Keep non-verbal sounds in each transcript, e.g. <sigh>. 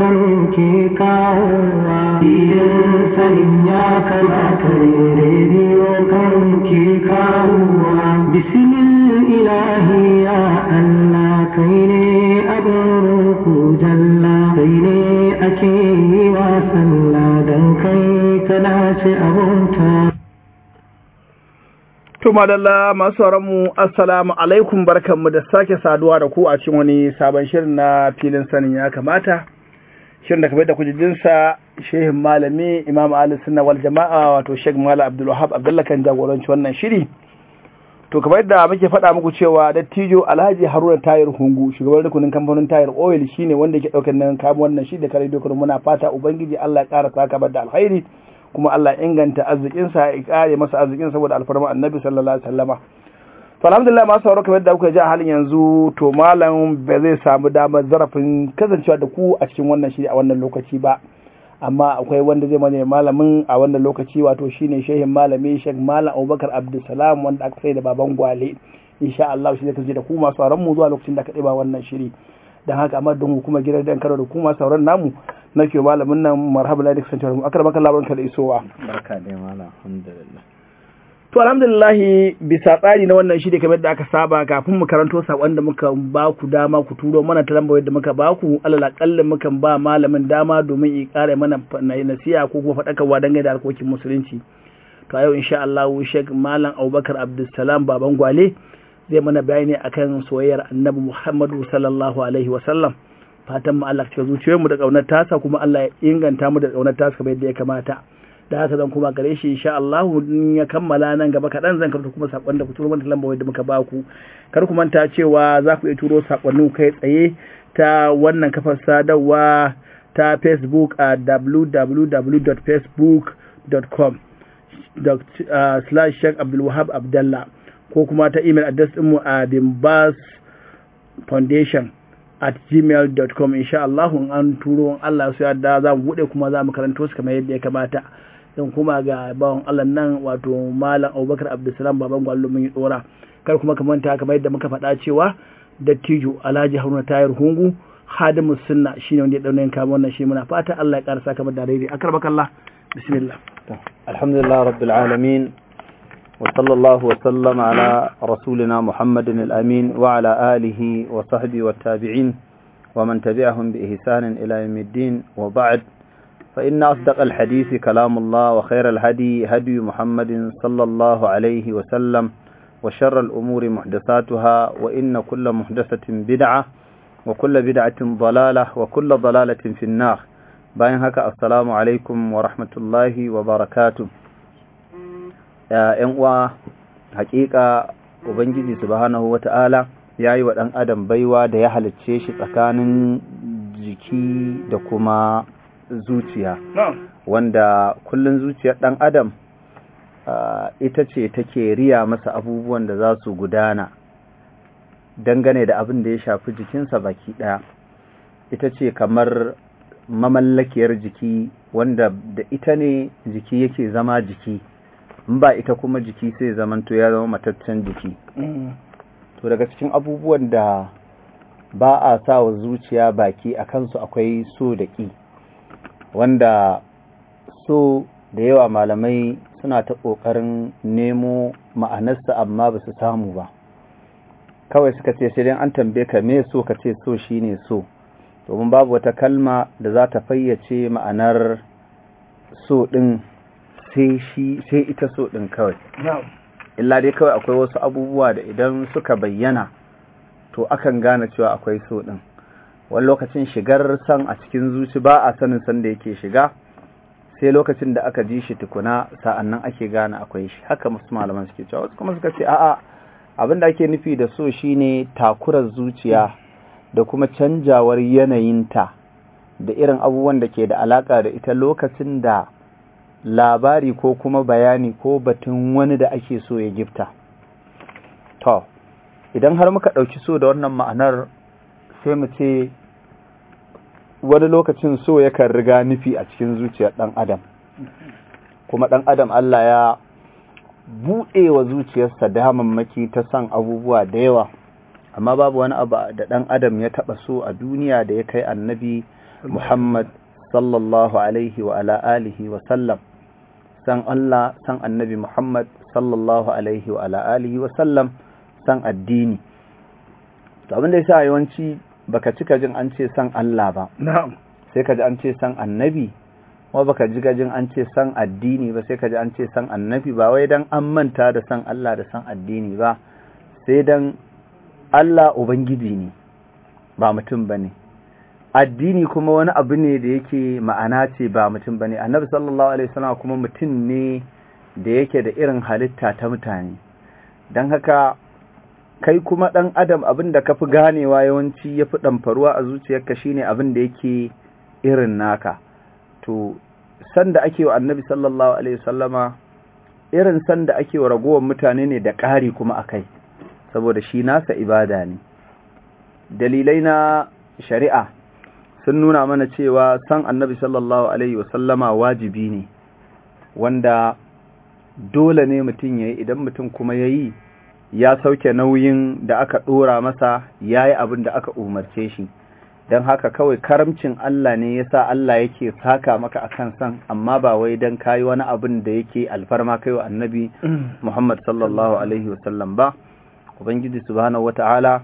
ङ्का सञ्ज्ञा कथने madalla masu sauranmu assalamu alaikum barkanmu da sake saduwa da ku a cikin wani sabon shirin na filin sanin ya kamata shirin da kamar da kujijinsa shehin malami imam ali sunna wal jama'a wato sheikh mala abdul wahab kan jagoranci wannan shiri to kamar yadda muke faɗa muku cewa dattijo alhaji haruna tayar hungu shugaban rukunin kamfanin tayar oil shine wanda ke ɗaukar nan kamun wannan shi da kare dokar muna fata ubangiji allah ya ƙara saka da alkhairi kuma Allah inganta arzikinsa ya kare masa arzikin saboda alfarma annabi sallallahu alaihi wasallama to alhamdulillah masu sauraro kamar yadda kuka ji a halin yanzu to malam ba zai samu damar zarafin kasancewa da ku a cikin wannan shiri a wannan lokaci ba amma akwai wanda zai mana malamin a wannan lokaci wato shine shehin malami shek Malam Abubakar Abdulsalam wanda aka sai da baban gwale insha Allah shi zai kasance da ku masu sauraron mu zuwa lokacin da ka ɗiba wannan shiri dan haka amma don hukumar gidan dan karo da ku masu sauraron namu nake malamin nan marhaba lai da kasancewar mu akar baka labarin ka da isowa barka da malam alhamdulillah to alhamdulillah bisa tsari na wannan shine kamar da aka saba kafin mu karanto sakon da muka ba ku dama ku turo mana ta lambar da muka ba ku alal muka ba malamin dama domin i kare mana nasiha ko kuma fadakarwa dangane da harkokin musulunci to yau insha Allah Sheikh Malam Abubakar Abdulsalam Baban Gwale zai mana bayani akan soyayyar Annabi Muhammadu sallallahu alaihi wasallam fatan mu Allah cika zuciyar mu da kaunar tasa kuma Allah ya inganta mu da kaunar tasa kamar yadda ya kamata da haka zan kuma gare shi insha Allah in ya kammala nan gaba kaɗan zan karɓi kuma sakon da ku turo mana lambar da muka ba ku kar ku manta cewa za ku iya turo sakonnin kai tsaye ta wannan kafar sadarwa ta Facebook a www.facebook.com slash Sheikh Abdulwahab Abdallah ko kuma ta email address mu a Bimbas Foundation at gmail.com insha Allah an turo Allah su yadda za mu bude kuma za mu karanto su kamar yadda ya kamata don kuma ga bawan Allah nan wato malam Abubakar Abdulsalam baban gwallo mun yi dora kar kuma ka manta kamar yadda muka faɗa cewa dattijo Alhaji Haruna Tayar Hungu hadimu sunna shine wanda ya dauna yin kama wannan shi muna fata Allah ya karasa kamar da daidai akarbakallah bismillah alhamdulillah rabbil alamin وصلى الله وسلم على رسولنا محمد الأمين وعلى آله وصحبه والتابعين ومن تبعهم بإحسان إلى يوم الدين وبعد فإن أصدق الحديث كلام الله وخير الهدي هدي محمد صلى الله عليه وسلم وشر الأمور محدثاتها وإن كل محدثة بدعة وكل بدعة ضلالة وكل ضلالة في النار باين هكا السلام عليكم ورحمة الله وبركاته ‘yan uwa hakika Ubangiji subhanahu ta'ala ya yi wa ɗan adam baiwa da ya halicce shi tsakanin jiki da kuma zuciya wanda kullum zuciyar ɗan adam ita ce take riya masa abubuwan da za su gudana dangane da abin da ya shafi jikinsa baki ɗaya ita ce kamar mamallakiyar jiki wanda da ita ne jiki yake zama jiki in ba ita kuma jiki sai zamanto ya zama mataccen jiki mm. to daga cikin abubuwan da ba a sa wa zuciya baki a kansu akwai so da ƙi wanda so da yawa malamai suna ta ƙoƙarin nemo ma'anarsa amma ba su samu ba kawai suka ce sai dai an tambaye ka me so ka ce so shine so domin babu wata kalma da za ta fayyace ma'anar so ɗin sai shi sai ita so din kawai illa dai kawai akwai wasu abubuwa da idan suka bayyana to akan gane cewa akwai so din wani lokacin shigar san a cikin zuci ba a sanin san da yake shiga sai lokacin da aka ji shi tukuna sa'annan ake gane akwai shi haka masu malaman suke cewa wasu kuma suka ce a'a abin da ake nufi da so shine takurar zuciya da kuma canjawar yanayinta da irin abubuwan da ke da alaka da ita lokacin da labari ko kuma bayani ko batun wani da ake so ya gifta to idan har muka ɗauki so da wannan ma'anar sai mu ce wani lokacin so yakan riga nufi a cikin zuciyar ɗan adam kuma ɗan adam Allah ya buɗe wa zuciyarsa damammaki ta san abubuwa da yawa amma babu wani abu da ɗan adam ya taɓa so a duniya da ya kai annabi muhammad sallallahu alaihi wa ala alihi wa sallam san Allah san annabi Muhammad sallallahu alaihi wa alihi wa sallam san addini to abin da yasa yawanci baka cika jin an ce san Allah ba na'am sai ka ji an ce san annabi ba baka ji gajin an ce san addini ba sai ka ji an ce san annabi ba wai dan an manta da san Allah da san addini ba sai dan Allah ubangiji ne ba mutum bane addini kuma wani abu ne da yake ma'ana ce ba mutum bane annabi sallallahu alaihi wasallam kuma mutum ne da yake da irin halitta ta mutane don haka kai kuma ɗan adam abin da ka fi ganewa yawanci ya fi ɗamfaruwa a zuciyarka shine abin da yake irin naka to sanda ake wa annabi sallallahu alaihi sallama irin sanda ake wa ragowar mutane ne da ƙari kuma a kai saboda shi nasa ibada ne dalilai na shari'a sun nuna mana cewa san annabi sallallahu alaihi wasallama wajibi ne wanda dole ne mutum ya yi idan mutum kuma ya yi ya sauke nauyin da aka ɗora masa ya yi abin da aka umarce shi don haka kawai karamcin Allah ne ya sa Allah yake saka maka akan kan san amma ba wai don kayi wani abin da yake alfarma kai wa annabi <clears throat> Muhammad sallallahu Alaihi wasallam ba Ubangiji subhanahu wata'ala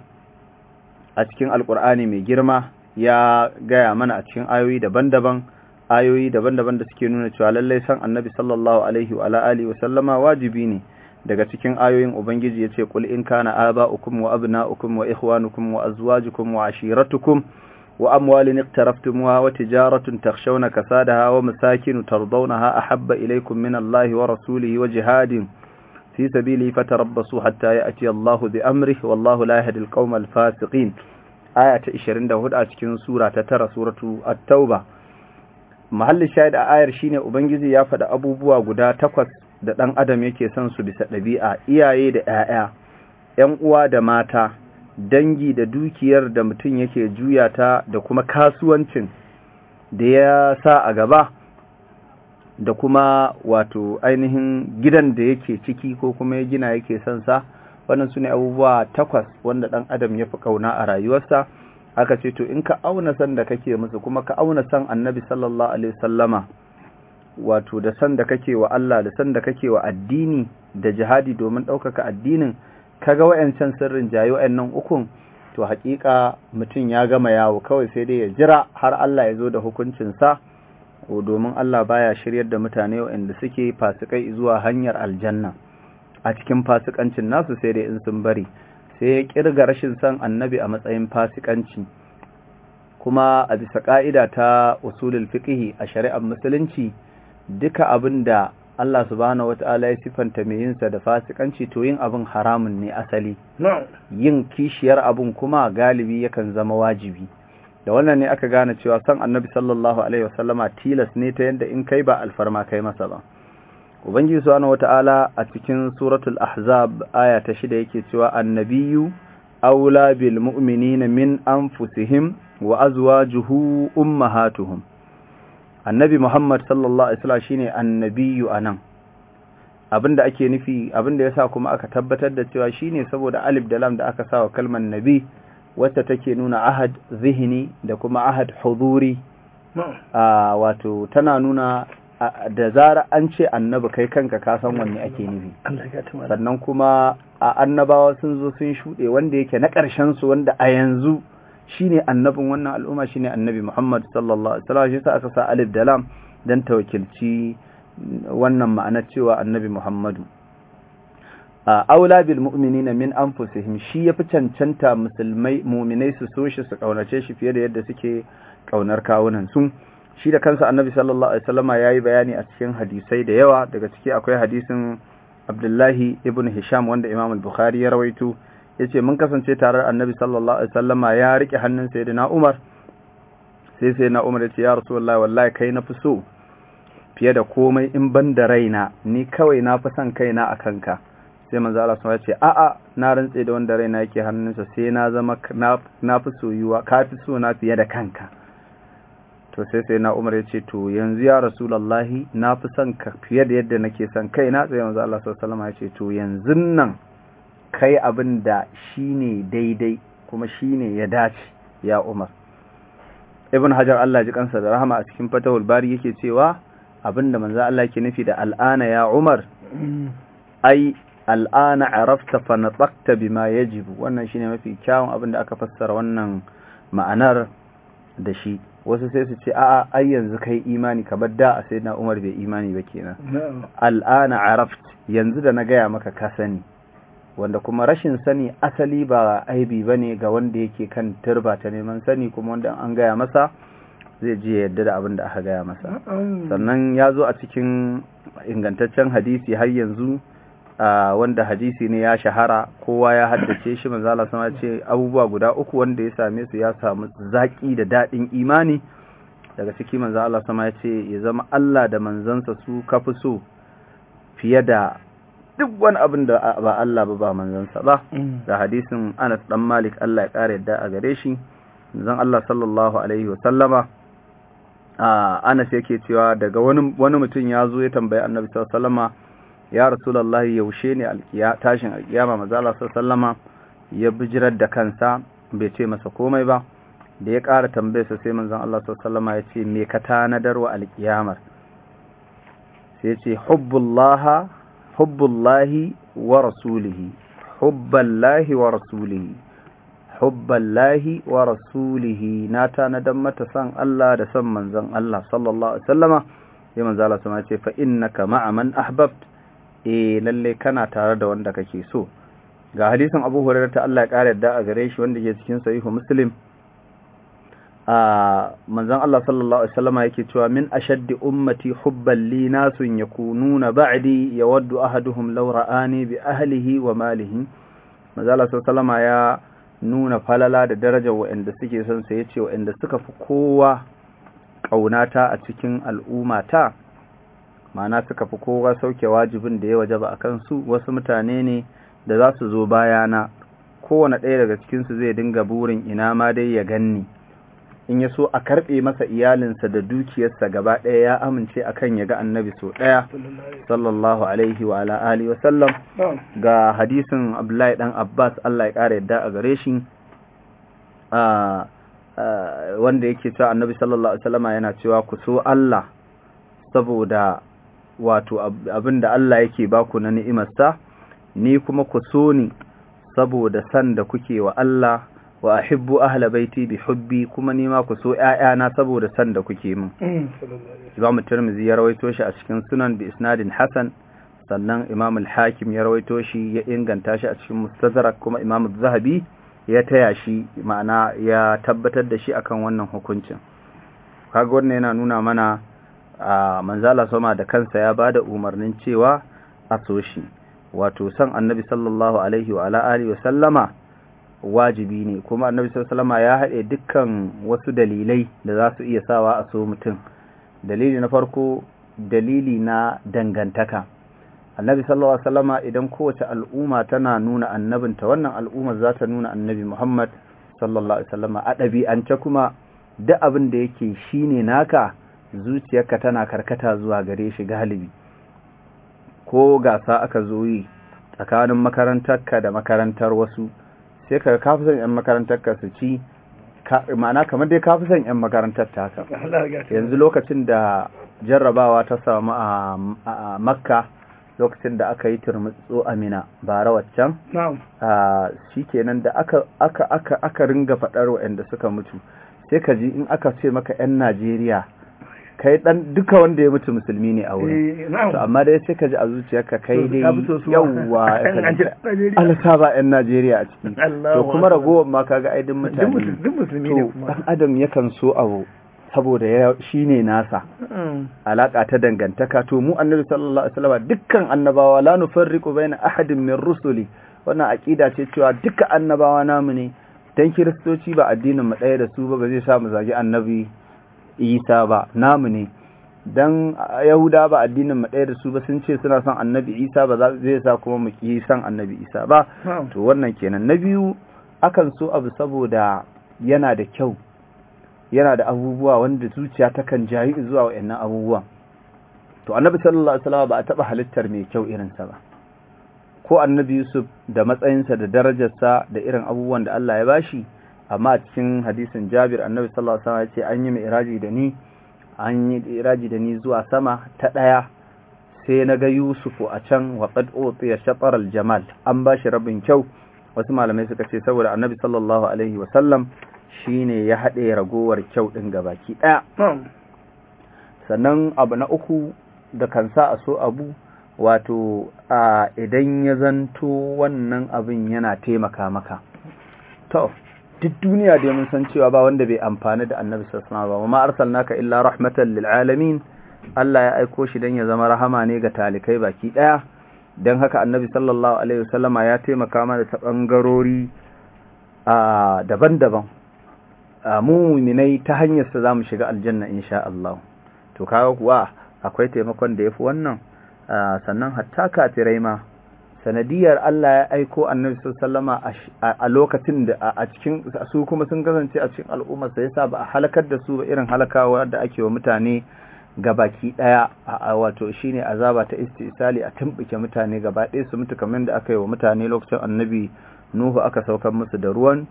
a cikin alkur'ani mai girma ya gaya mana a cikin ayoyi daban-daban ayoyi daban-daban da suke nuna cewa lallai san annabi sallallahu alaihi wa alihi wa sallama wajibi ne daga cikin ayoyin ubangiji yace qul in kana aba'ukum wa abna'ukum wa ikhwanukum wa azwajukum wa ashiratukum wa amwalin iqtaraftumuha wa tijaratun takhshawna kasadaha wa masakin tardawnaha ahabba ilaykum min Allahi wa rasulihi wa jihadin fi sabili fatarabbasu hatta ya'ti Allahu bi amrihi wallahu la yahdi al-qawma al-fasiqin aya ta 24 a cikin sura ta tara suratu at-tauba mahallin shahid a ayar shine ubangiji ya faɗa abubuwa guda takwas da ɗan adam yake son su bisa ɗabi'a iyaye da 'ya'ya 'yan uwa da mata dangi da dukiyar da mutum yake juya ta da kuma kasuwancin da ya sa a gaba da kuma wato ainihin gidan da yake ciki ko kuma ya gina yake son sa wannan su ne abubuwa takwas wanda ɗan adam ya fi ƙauna a rayuwarsa aka ce to in ka auna san da kake musu kuma ka auna san annabi sallallahu alaihi sallama wato da san da kake wa Allah da san da kake wa addini da jihadi domin ɗaukaka addinin kaga wayancan sirrin jayo wayannan ukun to haƙiƙa mutum ya gama yawo kawai sai dai ya jira har Allah ya zo da hukuncinsa domin Allah baya shiryar da mutane wayanda suke fasikai zuwa hanyar aljanna a cikin fasikancin nasu sai dai in sun bari sai ya kirga rashin san annabi a matsayin fasikanci kuma a bisa ka'ida ta usulul fiqhi a shari'ar musulunci duka abin da Allah subhanahu wata'ala ya sifanta mai yinsa da fasikanci to yin abin haramun ne asali yin kishiyar abin kuma galibi yakan zama wajibi da wannan ne aka gane cewa san annabi sallallahu alaihi wasallama tilas ne ta yadda in kai ba alfarma kai masa ba ubangiji subhanahu wata'ala a cikin suratul ahzab aya ta shida yake cewa annabiyu aula bil mu'minina min anfusihim wa azwajuhu ummahatuhum annabi muhammad sallallahu alaihi wasallam shine annabiyu anan abinda ake nufi abinda yasa kuma aka tabbatar da cewa shine saboda alif da lam da aka sawa kalmar nabi wacce take nuna ahad zihni da kuma ahad huzuri ah, wato tana nuna da zara an ce annabi kai kanka ka san wanne ake nufi sannan kuma a annabawa sun zo sun shuɗe wanda yake na ƙarshen su wanda a yanzu shine annabin wannan al'umma shine annabi Muhammad sallallahu alaihi wasallam shi sa aka sa alif da lam dan wakilci wannan ma'anar cewa annabi Muhammadu aula bil mu'minina min anfusihim shi yafi cancanta musulmai mu'minai su so shi su kaunace shi fiye da yadda suke kaunar kawunan su shi da kansa annabi sallallahu alaihi wasallama yayi bayani a cikin hadisai da yawa daga ciki akwai hadisin Abdullahi ibn Hisham wanda Imam al-Bukhari ya rawaito yace mun kasance tare annabi sallallahu alaihi wasallama ya rike hannun sayyidina Umar sai sayyidina Umar yace ya Rasulullahi wallahi kai na fi so fiye da komai in ban da raina ni kawai na fi son kaina a kanka sai manzo Allah ya ce a'a na rantse da wanda raina yake hannunsa sai na zama na fi soyuwa ka fi so na fiye da kanka to sai sai na umar ya ce to yanzu ya rasulallahi na fi son ka fiye da yadda nake son kai na sai yanzu Allah sau salama ya ce to yanzu nan kai abin da ne daidai kuma shine ya dace ya umar ibn hajar Allah ji kansa da rahama a cikin fatahul bari yake cewa abinda manza Allah ke nufi da al'ana ya umar ai al'ana tsakta bi ma ya jibu wannan shine mafi kyawun abin da aka fassara wannan ma'anar da shi wasu sai su ce a'a ai yanzu kai imani kamar da a na Umar bai imani ba kenan al'ana araft yanzu da na gaya maka ka sani wanda kuma rashin sani asali ba aibi ne ga wanda yake kan turba ta neman sani kuma wanda an gaya masa zai ji yadda da abin da aka gaya masa sannan ya zo a cikin ingantaccen hadisi har yanzu wanda hadisi ne ya shahara kowa ya haddace shi manzo Allah sama ce abubuwa guda uku wanda ya same su ya samu zaki da dadin imani daga ciki manzo Allah sama ya ce ya zama Allah da manzansa su kafi so fiye da duk wani abin da ba Allah ba ba manzansa ba da hadisin Anas dan Malik Allah ya kare yadda a gare shi manzo Allah sallallahu alaihi wa sallama Anas yake cewa daga wani mutum ya zo ya tambayi Annabi sallallahu alaihi wa ya rasulullah yaushe ne tashin alkiyama maza Allah sallama ya bijirar da kansa bai ce masa komai ba da ya ƙara tambayarsa sai manzan Allah sallama ya ce me ka tanadar wa alkiyamar sai ce hubbullahi wa rasulihi hubballahi wa rasulihi hubballahi wa rasulihi na tanadar mata san Allah da san manzan Allah sallallahu alaihi wasallama sai manzan Allah sallama ya ce fa kama a man ahbabta eh lalle kana tare da wanda kake so ga hadisin Abu Hurairah ta Allah ya kare da a gare shi wanda ke cikin sahihu Muslim a manzon Allah sallallahu alaihi wasallam yake cewa min ashaddi ummati hubban li nasun yakununa ba'di yawaddu ahaduhum law ra'ani bi ahlihi wa malihi manzon Allah sallallahu ya nuna falala da darajar waɗanda suke son ya yace wanda suka fi kowa ƙaunata a cikin al'ummata ma'ana suka fi kowa sauke wajibin da ya wajaba a kansu wasu mutane ne da za su zo bayana kowane ɗaya daga cikinsu zai dinga burin ina ma dai ya ganni in ya so a karɓe masa iyalinsa da dukiyarsa gaba ɗaya ya amince a kan ya ga annabi sau ɗaya sallallahu alaihi wa ala'ali sallam ga hadisin abdullahi dan abbas allah ya ƙara yadda a gare shi wanda yake cewa annabi sallallahu alaihi wa sallama yana cewa ku so allah saboda wato abin da Allah yake baku na ni'imarsa ni kuma ku so ni saboda san da kuke wa Allah wa ahibbu ahla baiti bi hubbi kuma nima ku so ya'yana saboda san da kuke min mm. Imam Tirmidhi ya rawaito shi a cikin Sunan bi isnadin Hassan sannan Imam al-Hakim ya rawaito shi ya inganta shi a cikin Mustadrak kuma Imam zahabi ya taya shi ma'ana ya tabbatar da shi akan wannan hukuncin kaga wannan yana nuna mana a manzala sama da kansa ya ba da umarnin cewa a so wato san annabi sallallahu alaihi wa alihi wa sallama wajibi ne kuma annabi sallallahu sallama ya haɗe dukkan wasu dalilai da za su iya sawa a so mutum dalili na farko dalili na dangantaka annabi sallallahu alaihi sallama idan kowace al'umma tana nuna annabinta wannan al'ummar za ta nuna annabi Muhammad sallallahu alaihi a ɗabi'ance kuma duk abin da yake shine naka zuciyarka tana karkata zuwa gare shi galibi ko gasa aka zo yi tsakanin makarantarka da makarantar wasu sai ka kafi son 'yan makarantarka su ci ma'ana kamar dai kafi son 'yan makarantar ta yanzu lokacin da jarrabawa ta samu a makka lokacin da aka yi turmutso amina bara waccan shi kenan da aka ringa faɗar waɗanda suka mutu sai ka ji in aka ce maka 'yan najeriya kai dan duka wanda ya mutu musulmi ne a wurin eh, to amma dai sai ka ji a ka kai dai yawwa alka <laughs> <laughs> ba yan Najeriya a ciki to kuma ragowar ma kaga ai mutane to dan adam yakan so abu saboda shi ne nasa mm. alaka ta dangantaka to mu annabi sallallahu alaihi wasallam dukkan annabawa la nufarriqu baina ahadin min rusuli wannan aqida ce cewa duka annabawa namu ne dan kiristoci ba addinin mu ɗaya da su ba ba zai sa mu zagi annabi isa ba namu ne dan yahuda ba addinin mu ɗaya da su ba sun ce suna son annabi isa ba zai sa kuma mu ki son annabi isa ba to wannan kenan na biyu akan so abu saboda yana da kyau yana da abubuwa wanda zuciya ta takan jayi zuwa wa'annan abubuwan to annabi sallallahu alaihi wasallam ba a taba halittar mai kyau irin sa ba ko annabi yusuf da matsayinsa da darajarsa da irin abubuwan da Allah ya bashi amma cikin hadisin jabir annabi sallallahu alaihi wasallam ya ce an yi mi'raji da ni an yi iraji da ni zuwa sama ta ɗaya sai na ga yusuf a can wa utiya ya al jamal an ba shi rabin kyau wasu malamai suka ce saboda annabi sallallahu alaihi wasallam shi ne ya haɗe ragowar kyau ɗin gabaki ɗaya sannan abu na uku da kan sa a so abu wato a idan ya zanto wannan abin yana taimaka maka to duk duniya da mun san cewa ba wanda bai amfana da annabi sallallahu alaihi wasallam ma arsalnaka illa rahmatan lil alamin Allah ya aiko shi dan ya zama rahama ne ga talikai baki daya dan haka annabi sallallahu alaihi wasallam ya taimaka mana ta bangarori daban-daban mu mu'minai ta hanyar sa zamu shiga aljanna insha Allah to kaga kuwa akwai taimakon da yafi wannan sannan hatta kafirai ma sanadiyar Allah ya aiko annabi sallama a lokacin da a cikin su kuma sun kasance a cikin al'ummar sa yasa ba a halakar da su ba irin halakawa da ake wa mutane gabaki daya a wato shine azaba ta istisali a tumbuke mutane gaba daya su mutu kamar da aka yi wa mutane lokacin annabi Nuhu aka saukar musu da ruwan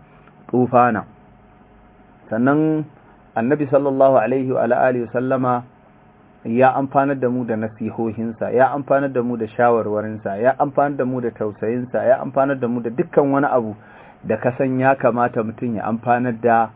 tufana sannan annabi sallallahu alaihi wa alihi sallama ya amfana da mu da nasihohinsa ya amfanar da mu da shawarwarinsa ya amfanar da mu da tausayinsa ya amfanar da mu da dukkan wani abu da ka san ya kamata mutum ya amfanar da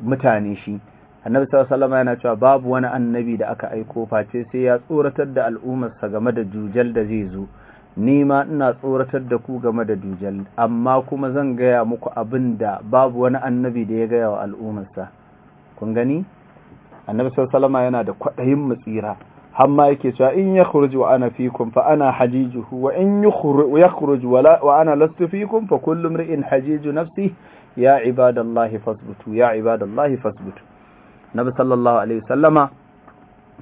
mutane shi annabi sallallahu yana cewa babu wani annabi da aka aiko face sai ya tsoratar da al'ummarsa game da jujal da zai zo ni ma ina tsoratar da ku game da jujal. amma kuma zan gaya muku abin da babu wani annabi da ya gaya wa al'ummarsa kun gani annabi sallallahu yana da kwadayin mutsira hamma yake cewa in yakhruju wa ana fikum fa ana hajijuhu wa in yakhruju wa ana lastu fikum fa kullu mri'in hajiju nafsi ya ibadallahi fasbutu ya ibadallahi fasbutu annabi sallallahu alaihi wasallama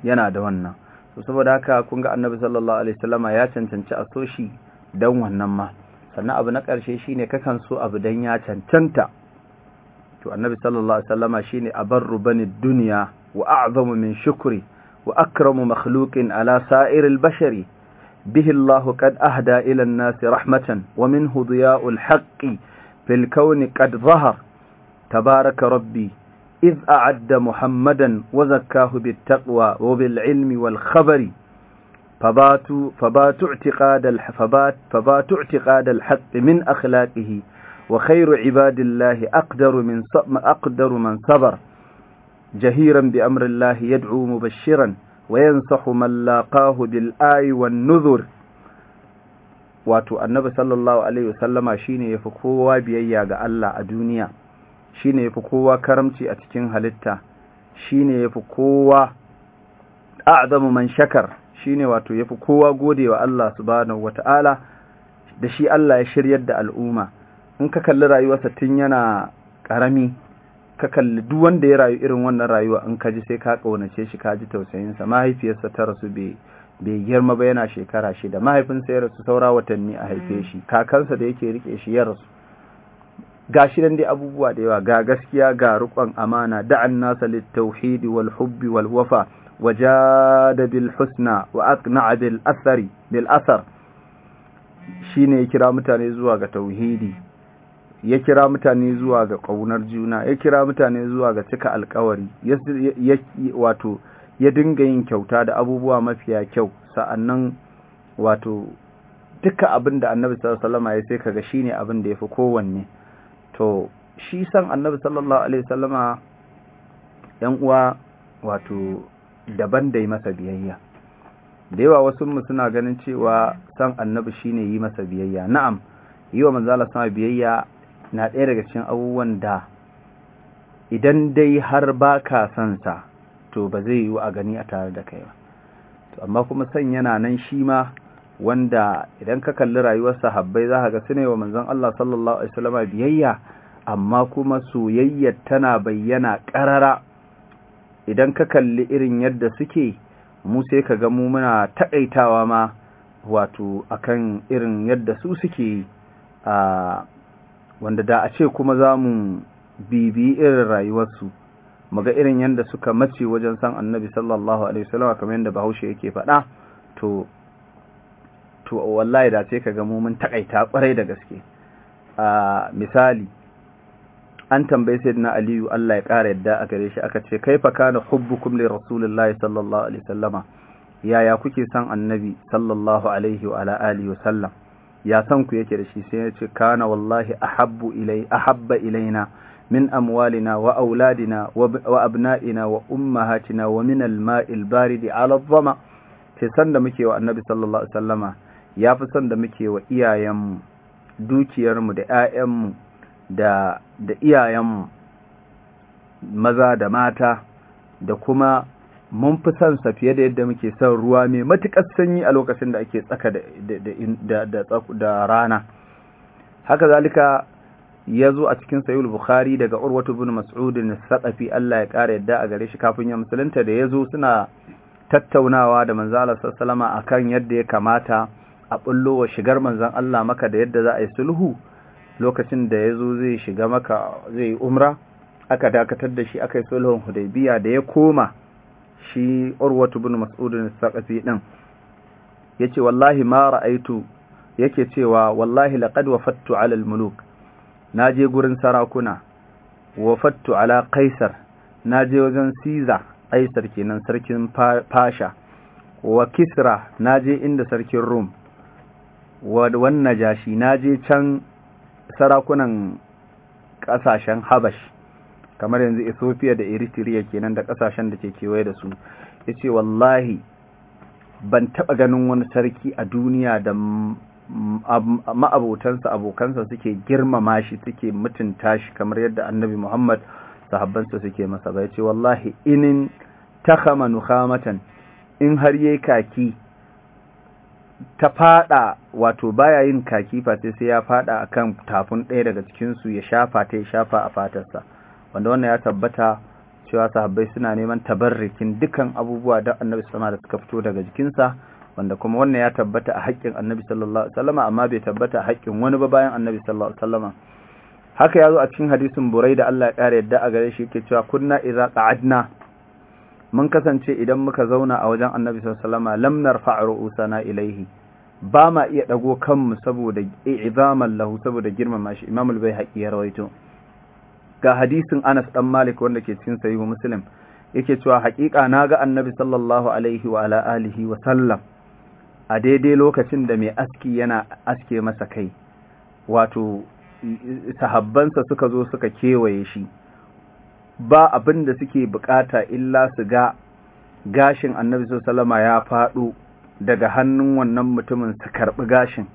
yana da wannan so saboda haka kun ga annabi sallallahu alaihi wasallama ya cancanci a so shi dan wannan ma sannan abu na karshe shine kakan so abu dan ya cancanta to annabi sallallahu alaihi wasallama shine abarru bani duniya وأعظم من شكري وأكرم مخلوق على سائر البشر به الله قد أهدى إلى الناس رحمة ومنه ضياء الحق في الكون قد ظهر تبارك ربي إذ أعد محمدا وزكاه بالتقوى وبالعلم والخبر فبات فبات اعتقاد فبات فبات اعتقاد الحق من أخلاقه وخير عباد الله أقدر من أقدر من صبر جهيرا بأمر الله يدعو مبشرا وينصح من لاقاه بالآي والنذر wato annabi sallallahu alaihi wasallama shine yafi kowa biyayya ga Allah a duniya shine yafi kowa karamci a cikin halitta shine yafi kowa a'zamu man shakar shine wato yafi kowa godewa Allah subhanahu wataala da shi Allah ya shiryar da al'umma in ka kalli rayuwarsa tun yana karami ka kalli duk wanda ya rayu irin wannan rayuwa in ka ji sai ka kaunace shi ka ji tausayin tausayinsa mahaifiyarsa ta rasu bai girma ba yana shekara shida mahaifinsa ya rasu saura watanni a haife shi mm. kakansa da yake rike shi ya rasu ga shi dai abubuwa da yawa ga gaskiya ga rukon amana da'an nasa littauhidi wal hubbi wal wafa da bil husna wa bil athari shine ya kira mutane zuwa ga tauhidi ya kira mutane zuwa ga ƙaunar juna ya kira mutane zuwa ga cika alkawari wato ya dinga yin kyauta da abubuwa mafiya kyau sa'annan wato duka abin da annabi sallallahu ya sai kaga shi ne abin da fi kowanne to shi san annabi sallallahu alaihi sallama yan uwa wato daban da yi masa biyayya da yawa wasu suna ganin cewa san annabi shi shine yi masa biyayya na'am yi wa manzala sama biyayya na ɗaya daga cikin abubuwan da idan dai har ba ka son sa to ba zai yiwu a gani a tare da kai ba to amma kuma san yana nan shi ma wanda idan ka kalli rayuwar sahabbai za ka ga su ne wa manzon Allah sallallahu alaihi wasallam biyayya amma kuma soyayyar tana bayyana ƙarara idan ka kalli irin yadda suke mu sai ka ga mu muna taƙaitawa ma wato akan irin yadda su suke a ah, wanda da a ce kuma za mu bibi irin rayuwarsu muga irin yadda suka mace wajen san annabi sallallahu alaihi salama kamar yadda bahaushe yake faɗa to to wallahi da ce ka mu mun takaita kwarai da gaske a misali an tambaye na aliyu Allah ya ƙara yadda a gare shi aka ce kai fa kana hubbukum li rasulillahi sallallahu alaihi salama yaya kuke san annabi sallallahu alaihi wa ala ya san ku yake da shi sai ya ce kana wallahi ahabbu ilai ahabba ilaina min amwalina wa auladina wa abna'ina wa ummahatina wa min al-ma'il baridi ala dhama ce san da muke wa annabi sallallahu alaihi wasallama ya fi san da muke wa iyayenmu dukiyarmu da ƴaƴanmu da da iyayenmu maza da mata da kuma mun fi son sa fiye da yadda muke son ruwa mai matukar sanyi a lokacin da ake tsaka da rana haka zalika ya zo a cikin sayul bukhari daga urwatu bin mas'udin saqafi Allah ya kara yadda a gare shi kafin ya musulunta da ya zo suna tattaunawa da manzo Allah sallallahu alaihi akan yadda ya kamata a bullo wa shigar manzon Allah maka da yadda za a yi sulhu lokacin da ya zo zai shiga maka zai yi umra aka dakatar da shi aka yi sulhun hudaybiya da ya koma shi urwatu bin mas'udin saqafi din yace wallahi ma ra'aitu yake cewa wallahi laqad wafattu ala al-muluk naje gurin sarakuna wafattu ala qaisar naje wajen caesar qaisar kenan sarkin fasha wa kisra naje inda sarkin rum wa wannan na naje can sarakunan kasashen habash kamar yanzu Ethiopia da Eritrea kenan da kasashen da ke kewaye da su yace wallahi ban taba ganin wani sarki a duniya da ma'abotansa abokansa suke girmama shi suke mutunta shi kamar yadda Annabi Muhammad sahabbansa suke masa ba yace wallahi inin takhama nukhamatan in har yai kaki ta fada wato baya yin kaki fate sai ya fada akan tafin ɗaya daga cikin su ya shafa ta ya shafa a fatarsa wanda wannan ya tabbata cewa sahabbai suna neman tabarrikin dukan abubuwa da annabi sama da suka fito daga jikinsa wanda kuma wannan ya tabbata a haƙƙin annabi sallallahu alaihi amma bai tabbata a haƙƙin wani ba bayan annabi sallallahu alaihi wasallama haka yazo a cikin hadisin burai da Allah ya kare yadda a gare shi yake cewa kunna idza qa'adna mun kasance idan muka zauna a wajen annabi sallallahu alaihi lam narfa' ru'usana ilaihi ba ma iya dago kanmu saboda i'zaman lahu saboda girmama shi imamul bai haƙi ya rawaito ga hadisin Anas dan Malik wanda ke cikin sahihu Muslim yake cewa haƙiƙa na ga Annabi sallallahu alaihi wa ala wa sallam a daidai lokacin da mai aski yana aske masa kai wato sahabbansa suka zo suka kewaye shi ba abin da suke bukata illa su ga gashin Annabi sallallahu ya faɗo daga hannun wannan mutumin su karɓi gashin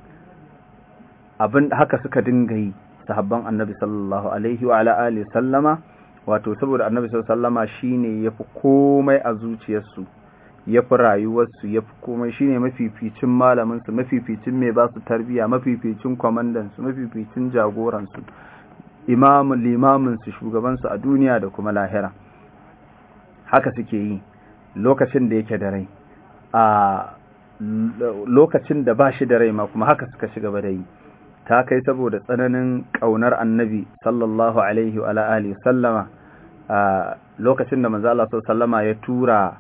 abin haka suka dinga yi sahabban annabi sallallahu alaihi wa ala alihi sallama wato saboda annabi sallallahu alaihi sallama shine yafi komai a zuciyarsu yafi rayuwarsu yafi komai shine mafificin malamin su mafificin mai ba su tarbiya mafificin komandan su mafificin jagoran su imamu limamin su shugaban su a duniya da kuma lahira haka suke yi lokacin da yake da rai a lokacin da ba shi da rai ma kuma haka suka shiga da yi ta kai saboda tsananin ƙaunar annabi sallallahu alaihi wa alihi sallama a lokacin da manzo Allah sallama ya tura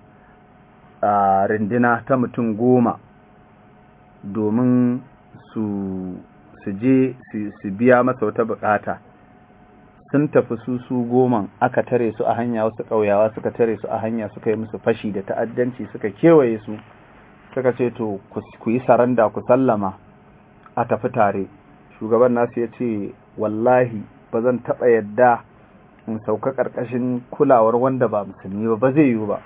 rindina ta mutum goma domin su su je su biya masa wata bukata sun tafi su su goman aka tare su a hanya wasu ƙauyawa suka tare su a hanya suka yi musu fashi da ta'addanci suka kewaye su suka ce to ku yi saranda ku sallama a tafi tare shugaban nasu ya ce wallahi ba zan taɓa yadda in sauka ƙarƙashin kulawar wanda ba musulmi ba ba zai yiwu ba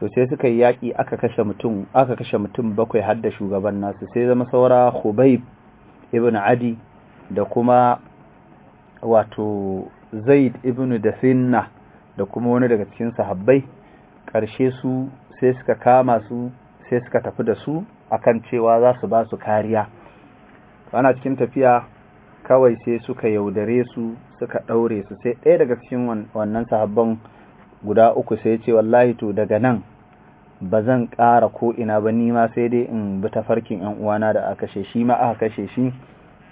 to sai suka yi yaƙi aka kashe mutum bakwai har da shugaban nasu sai zama saura hubaib ibn Adi da kuma wato Zaid ibn Dafinna da kuma wani daga cikin sahabbai ƙarshe su sai suka kama su sai suka tafi da su akan cewa za su ba su kariya ana cikin tafiya kawai sai suka yaudare su suka ɗaure su sai ɗaya daga cikin wannan sahabban guda uku sai ce wallahi to daga nan ba zan ƙara ko ina ba ni ma sai dai in bi tafarkin ƴan uwana da aka kashe shi ma aka kashe shi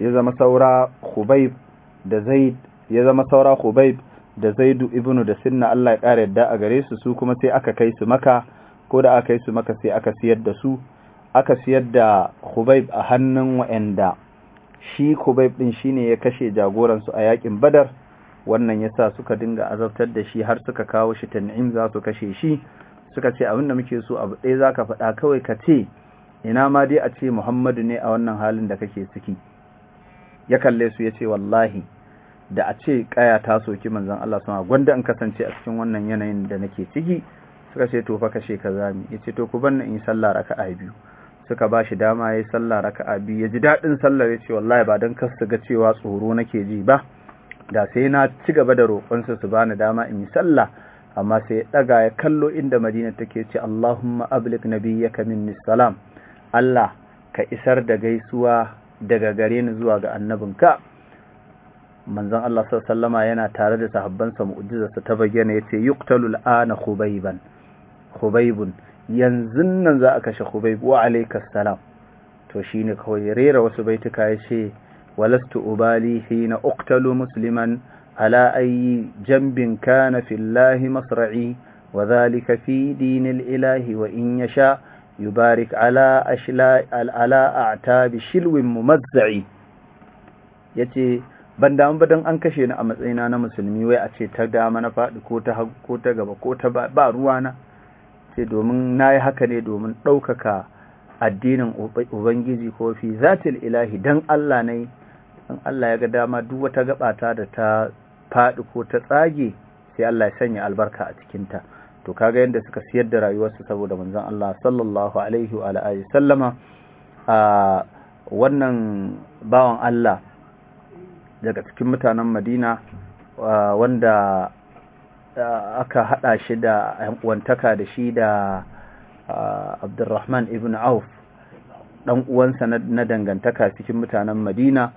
ya zama saura Khubayb da Zaid ya zama saura Khubayb da Zaidu ibnu da Sinna Allah ya ƙara yadda a gare su su kuma sai aka kai su maka ko da aka kai su maka sai aka siyar da su aka siyar da Khubayb a hannun waɗanda shi kubaib din shine ya kashe jagoransu a yakin badar wannan yasa suka dinga azabtar da shi har suka kawo shi tan'im za su kashe shi suka ce abin da muke so abu ɗaya zaka faɗa kawai ka ce ina ma dai a ce Muhammadu ne a wannan halin da kake ciki ya kalle su ya ce wallahi da a ce kaya ta soki manzon Allah sama gwanda in kasance a cikin wannan yanayin da nake ciki suka ce to fa kashe ka zami yace to ku banna in sallah raka'a biyu suka ba shi dama ya yi sallah raka'a biyu ya ji daɗin sallah ya ce wallahi ba don kasu ga cewa tsoro nake ji ba da sai na ci gaba da roƙonsa su ba ni dama in yi sallah amma sai ya ɗaga ya kallo inda madina take ce allahumma ablik kamin ni, salam allah ka isar da gaisuwa daga gare ni zuwa ga annabin annabinka manzon Allah sallama yana tare da sahabbansa mu'jizarsa ta bayyana yace yuqtalu al'ana khubayban khubaybun yanzu nan za a kashe Khubayb wa alayka salam to shine kawai rera wasu baituka yace walastu ubali hina uqtalu musliman ala ayi jambin kana fillahi masra'i wa dhalika fi dinil ilahi wa in yasha yubarik ala ashla ala a'tabi shilwin mumazza'i yace ban da badan an kashe ni a matsayina na musulmi wai a ce ta dama na faɗi ko ta hagu ko ta gaba ko ta ba ruwana Sai domin na yi haka ne domin ɗaukaka addinin ubangiji ko fi zatil ilahi don Allah ne in Allah ya ga dama duk wata gabata da ta faɗi ko ta tsage sai Allah ya sanya albarka a cikinta to kaga yadda suka siyar da rayuwarsu saboda manzon Allah sallallahu alaihi wa alihi sallama a wannan bawan Allah daga cikin mutanen Madina wanda aka hada shi da wantaka da shi da abdurrahman ibn auf dan uwansa na dangantaka cikin mutanen madina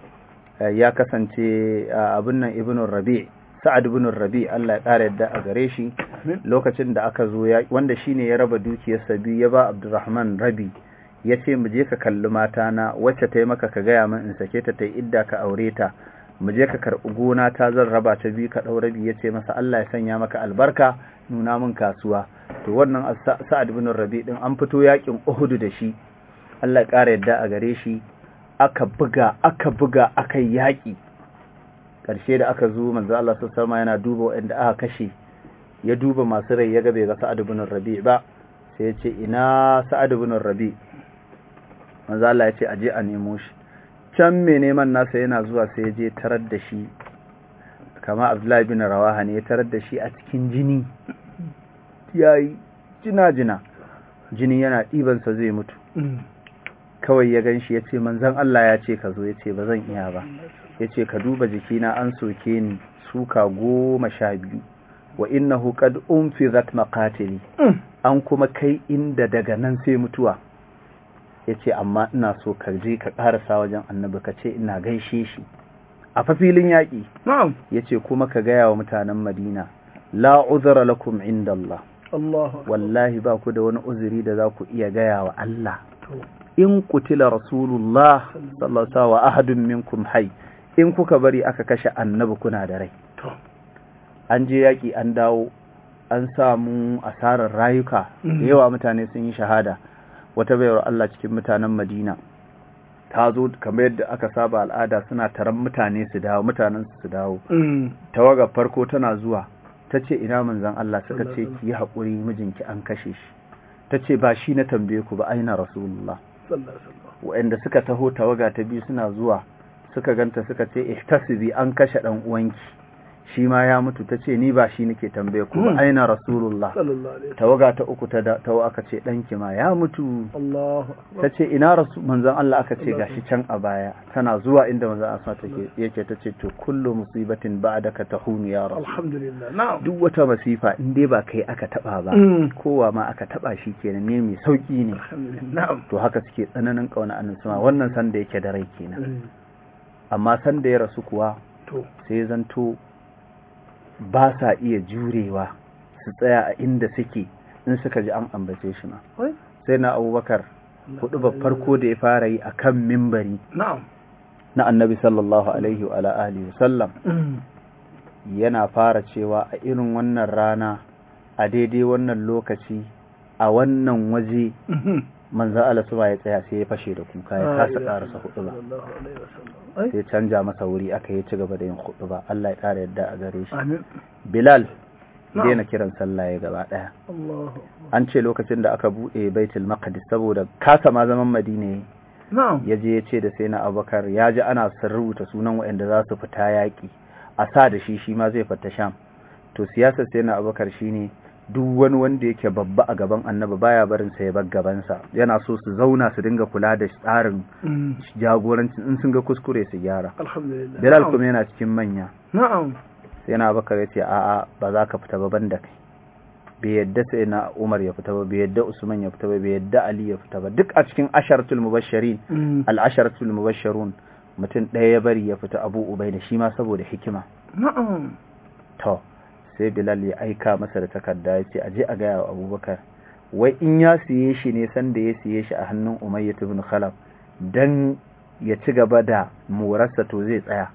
eh, ya kasance abin nan ibn rabi sa'ad ibn rabi Allah ya kare yadda a gare shi lokacin da aka zo ya wanda shine ya raba dukiyar biyu ya ba abdurrahman rabi yace ce mu je ka kalli mata na wacce tai maka ka gaya min in sake ta ta idda ka aure ta mu je ka karɓi gona ta zan raba ta biyu ka ɗaura biyu ya ce masa Allah ya sanya maka albarka nuna min kasuwa to wannan sa'ad bin rabi din an fito yakin Uhud da shi Allah ya ƙara yadda a gare shi aka buga aka buga aka yaƙi ƙarshe da aka zo manzo Allah sallallahu alaihi yana duba wanda aka kashe ya duba masu rai ya ga bai ga sa'ad bin rabi ba sai ya ce ina sa'ad bin rabi manzo Allah ya ce aje a nemo shi can mai neman nasa yana zuwa sai ya je tarar da shi kama abdullahi bin rawaha ne ya tarar da shi a cikin jini ya yi jina-jina jini yana ɗibansa zai mutu kawai ya gan shi ya ce manzan Allah ya ce ka zo ya ce ba zan iya ba ya ce ka duba jikina an soke ni suka goma sha biyu wa innahu qad zat maqatili mm. an kuma kai inda daga nan sai mutuwa ya ce amma ina so ka je ka karasa wajen annabi ka ce ina gaishe shi a fafilin yaƙi ya ce kuma ka gaya wa mutanen madina la uzura lakum inda Allah wallahi ba ku da wani uzuri da za ku iya gaya wa Allah in kutila rasulullah sallallahu wa ahadun minkum hai in kuka bari aka kashe annabi kuna da rai an je yaƙi an dawo an samu asarar rayuka da mm-hmm. yawa mutane sun yi shahada wata bayar Allah cikin mutanen Madina ta zo kamar yadda aka saba al'ada suna taron mutane su dawo mutanen su dawo mm. tawaga farko tana zuwa ta ce ina manzan Allah suka ce ki yi haƙuri mijinki an kashe shi ta ce ba shi na tambaye ku ba aina rasulullah wa'anda suka taho tawaga ta biyu suna zuwa suka ganta suka ce ihtasibi an kashe ɗan uwanki shi ma ya mutu ta ce ni ba shi nake tambaye ku ba hmm. aina rasulullah tawaga ta uku ta tawo aka ce ɗanki ma ya mutu ta ce ina rasu manzan Allah aka ce gashi can a baya tana zuwa inda manzan Allah take yake ta ce to kullu musibatin ba'daka tahunu ya rasul alhamdulillah duk wata masifa in dai ba kai aka taba ba hmm. kowa ma aka taba shi kenan ne mai sauki ne to haka suke tsananin kauna annabi wannan sanda yake da rai kenan hmm. amma sanda ya rasu kuwa sai zanto ba sa iya jurewa su tsaya a inda suke in suka ji an ambace shi ma sai na abubakar hudu ba farko da ya fara yi a kan mimbari na annabi sallallahu alaihi wa alihi wasallam mm. yana fara cewa a irin wannan rana a daidai wannan lokaci a wannan waje mm-hmm. manza Allah ya tsaya sai ya fashe da kuka ya kasa karasa hudu ba sai canja masa wuri aka yi ci gaba da yin hudu ba Allah ya ƙara yadda a gare shi bilal daina kiran sallah ya gaba daya an ce lokacin da aka buɗe baitul maqdis saboda kasa ma zaman madina ya je ya ce da sai na abakar ya ji ana rubuta sunan waɗanda za su fita yaƙi a sa da shi shi ma zai fita sham to siyasar sai na shi shine duk wani wanda yake babba a gaban annaba baya barin sa ya bar gabansa yana so su zauna su dinga kula da tsarin mm. jagorancin in sun ga kuskure su gyara alhamdulillah bilal kuma yana cikin manya na'am sai na baka yace a'a ba za ka fita ba banda kai bai yadda sai na Umar ya fita ba bai yadda Usman ya fita ba bai yadda Ali ya fita ba duk a cikin asharatul mubashirin mm. al asharatul mubashirun mutum ɗaya ya bari ya fita Abu Ubaida shi ma saboda hikima na'am to sai bilal ya aika masa da takarda ya ce aje a gaya wa abubakar wai in ya siye shi ne sanda ya siye shi a hannun umayya ibn khalaf dan ya ci gaba da morarsa to zai tsaya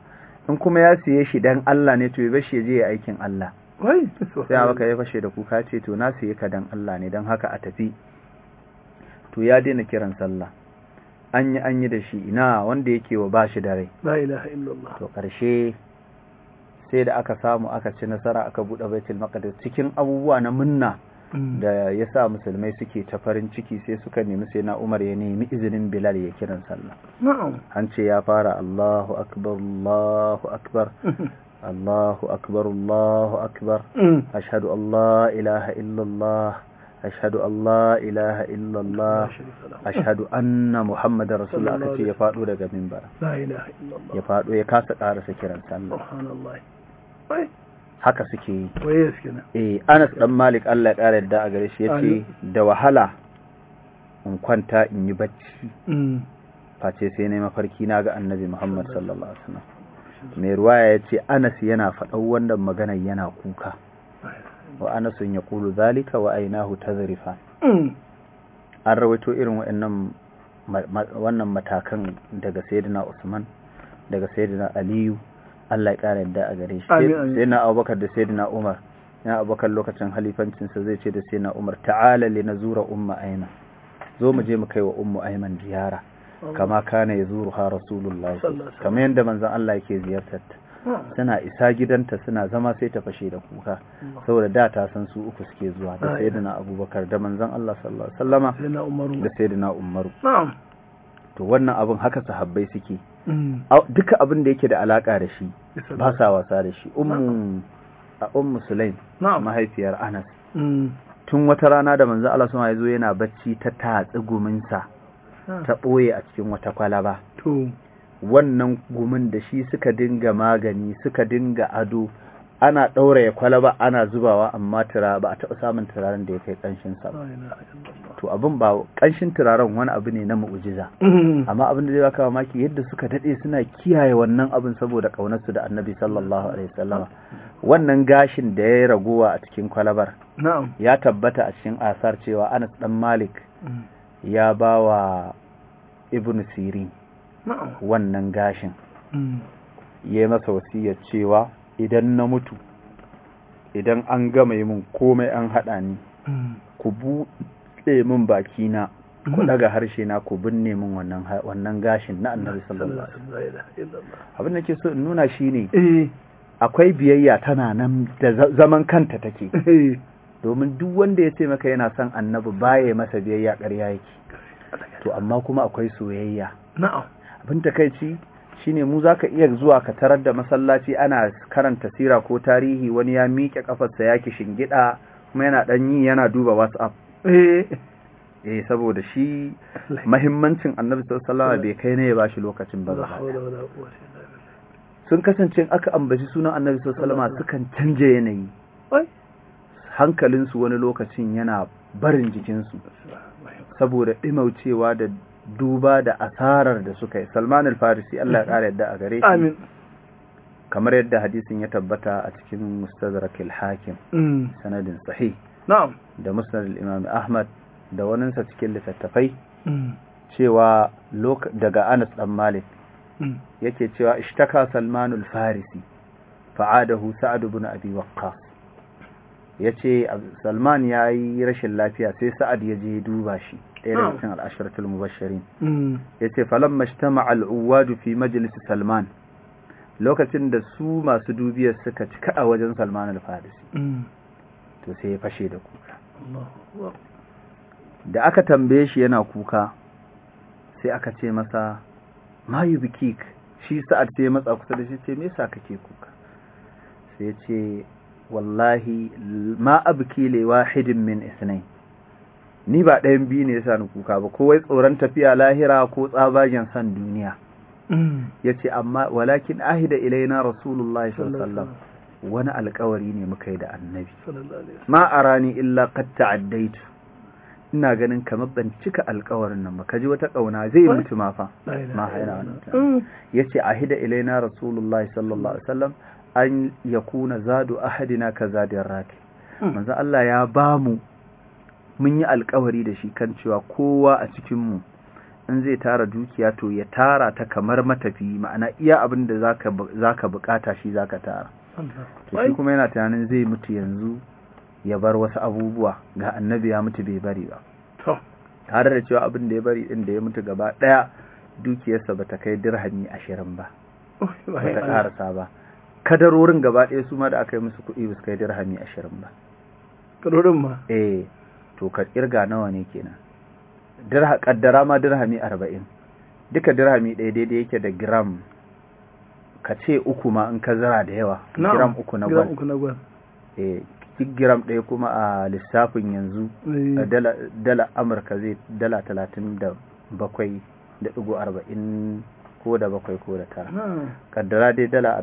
in kuma ya siye shi dan Allah ne to ya bashi je ya aikin Allah sai abubakar ya fashe da kuka ce to na siye ka dan Allah ne dan haka a tafi to ya daina kiran sallah an yi an yi da shi ina wanda yake wa bashi da rai la ilaha illallah to karshe sai da aka samu aka ci nasara aka buɗe baitul maqdis cikin abubuwa na munna mm. da ya sa musulmai suke ta farin ciki sai suka nemi sai na umar ya nemi izinin bilal ya kiran sallah an ce ya fara allahu akbar allahu akbar <laughs> allahu akbar allahu akbar mm. ashhadu allah ilaha illallah ashhadu allah ilaha illallah ashhadu anna muhammadar rasulullah aka ce ya fado daga minbar ya fado ya kasa karasa kiran sallah haka suke yi eh Anas dan Malik Allah ya kare yadda a gare shi yace da wahala in kwanta in yi bacci mm. face sai na mafarki na ga Annabi Muhammad sallallahu alaihi wasallam mai ruwaya yace Anas yana faɗan wannan magana yana kuka wa Anas kulu zalika wa ainahu tazrifa mm. an rawaito irin wa'annan wannan matakan daga Sayyidina Usman daga Sayyidina Aliyu Allah ya ƙara yadda a gare shi sai na abubakar da sai na umar na abubakar lokacin halifancinsa zai ce da sai na umar ta'ala li na zura umma aina zo mu je mu kai wa umma aiman ziyara kama kana ya zuru ha Rasulullah, kama yadda manzan Allah yake ziyartar suna isa gidanta suna zama sai ta fashe da kuka saboda da ta san su uku suke zuwa da na abubakar da manzan Allah sallallahu alaihi wasallama da na umaru to wannan abin haka sahabbai suke duka abin da yake da alaka da shi ba sa wasa da shi ummu a sulaim mahaifiyar anas mm. tun wata rana da manzo Allah sama zo yana bacci ta ta guminsa ah. ta ɓoye a cikin wata kwalaba wannan gumin da shi suka dinga magani suka dinga ado ana ɗauraya kwalaba ana zubawa amma tura ba a taɓa samun turaren da ya kai ƙanshin ba. to abin ba ƙanshin turaren wani abu ne na mu'ujiza mm-hmm. amma abin da zai baka mamaki yadda suka dade suna kiyaye wannan abin saboda ƙaunarsu da annabi sallallahu alaihi wasallama wannan gashin da ya yi ragowa a cikin kwalabar ya tabbata a cikin asar cewa anas dan malik mm-hmm. ya bawa ibn sirin wannan gashin mm-hmm. ya yi masa wasiyar cewa idan na mutu idan an gama yi mun komai an haɗa ni ku kitse min baki na ku daga mm-hmm. harshe na ku binne min wannan wannan gashin na annabi sallallahu alaihi wasallam abin da ke so in nuna shine eh akwai biyayya tana nan da zaman kanta take eh. domin duk wanda ya ce maka yana son annabi baya masa biyayya ƙarya yake to amma kuma akwai soyayya na'am abin takaici shine mu zaka iya zuwa ka tarar da masallaci ana karanta sira ko tarihi wani ya miƙe kafarsa ya gida kuma yana dan yi yana duba WhatsApp Eh. eh saboda shi mahimmancin annabi sallallahu alaihi bai kai ne ya shi lokacin ba sun kasance aka ambaci sunan annabi sallallahu alaihi sukan canje yanayi hankalinsu wani lokacin yana barin jikinsu saboda ɗimaucewa da duba da asarar da suka yi salman al-farisi Allah ya ƙara yadda a gare shi kamar yadda hadisin ya tabbata a cikin mustadrak al-hakim mm. sanadin sahih na'am da musnad al-imam ahmad da waninsa cikin littattafai mm. cewa daga anas dan malik mm. yake cewa ishtaka salmanul farisi fa'adahu sa'ad ibn abi waqqas yace salman yayi rashin lafiya sai sa'ad ya je duba shi ɗaya daga cikin al-ashratul mubashirin mm. yace falamma al-uwad fi majlis salman lokacin da su masu dubiyar suka cika a wajen salman al-farisi to sai ya fashe da kuka da aka tambaye shi yana kuka sai aka ce masa mayu bikik shi sa'ad sai matsa kusa da shi ce me yasa kake kuka sai ce wallahi ma abki li wahidin min isnai ni ba ɗayan biyu ne yasa ni kuka ba Kowai tsoron tafiya lahira ko tsabagen san duniya mm. yace amma walakin ahida ilaina rasulullahi sallallahu alaihi wasallam wani alkawari ne muka yi da annabi ma rani illa qad ta'addaitu ina ganin kamar ban cika alkawarin nan ba kaji wata kauna zai mutu ma fa ma haina wannan mm. yace ahida ilaina rasulullahi sallallahu alaihi wasallam an yakuna zadu ahadina ka zadin rati. Mm. manzo Allah ya bamu mun yi alkawari da shi kan cewa kowa a cikin mu in zai tara dukiya to ya tara ta kamar matafi ma'ana iya abin da zaka zaka bukata shi zaka tara to shi kuma yana tunanin zai mutu yanzu ya bar wasu abubuwa ga annabi ya mutu bai bari ba tare da cewa abin da ya bari din da ya mutu gaba daya dukiyarsa bata kai dirhami ashirin ba oh, bata karasa ba kadarorin gaba daya su ma da aka yi musu kuɗi ba su kai dirhami ashirin ba kadarorin ma eh to ka kirga nawa ne kenan dirha kaddara ma dirhami arba'in duka dirhami ɗaya daidai yake da gram ka ce uku ma in ka zara da yawa gram uku na gwal eh gram ɗaya kuma a lissafin yanzu eh. dala amurka zai dala talatin da bakwai da ɗigo arba'in ko da bakwai ko da tara kaddara dai dala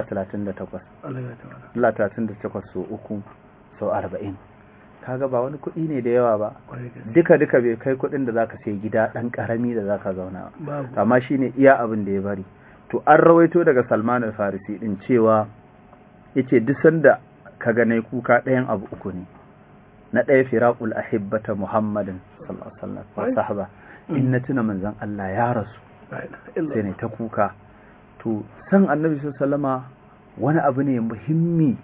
talatin da takwas dala talatin da takwas so uku so arba'in kaga ba wani kuɗi ne da yawa ba duka duka bai kai kuɗin da zaka sai gida ɗan ƙarami da zaka zauna ba amma shine iya abin da ya bari to an rawaito daga salman farisi din cewa yace duk sanda ka ganai kuka ɗayan abu uku ne na ɗaya firaqul ahibbata muhammadin sallallahu alaihi wa sahaba mm. in na tuna manzon Allah ya rasu sai ne ta kuka to san annabi sallama wani abu ne muhimmi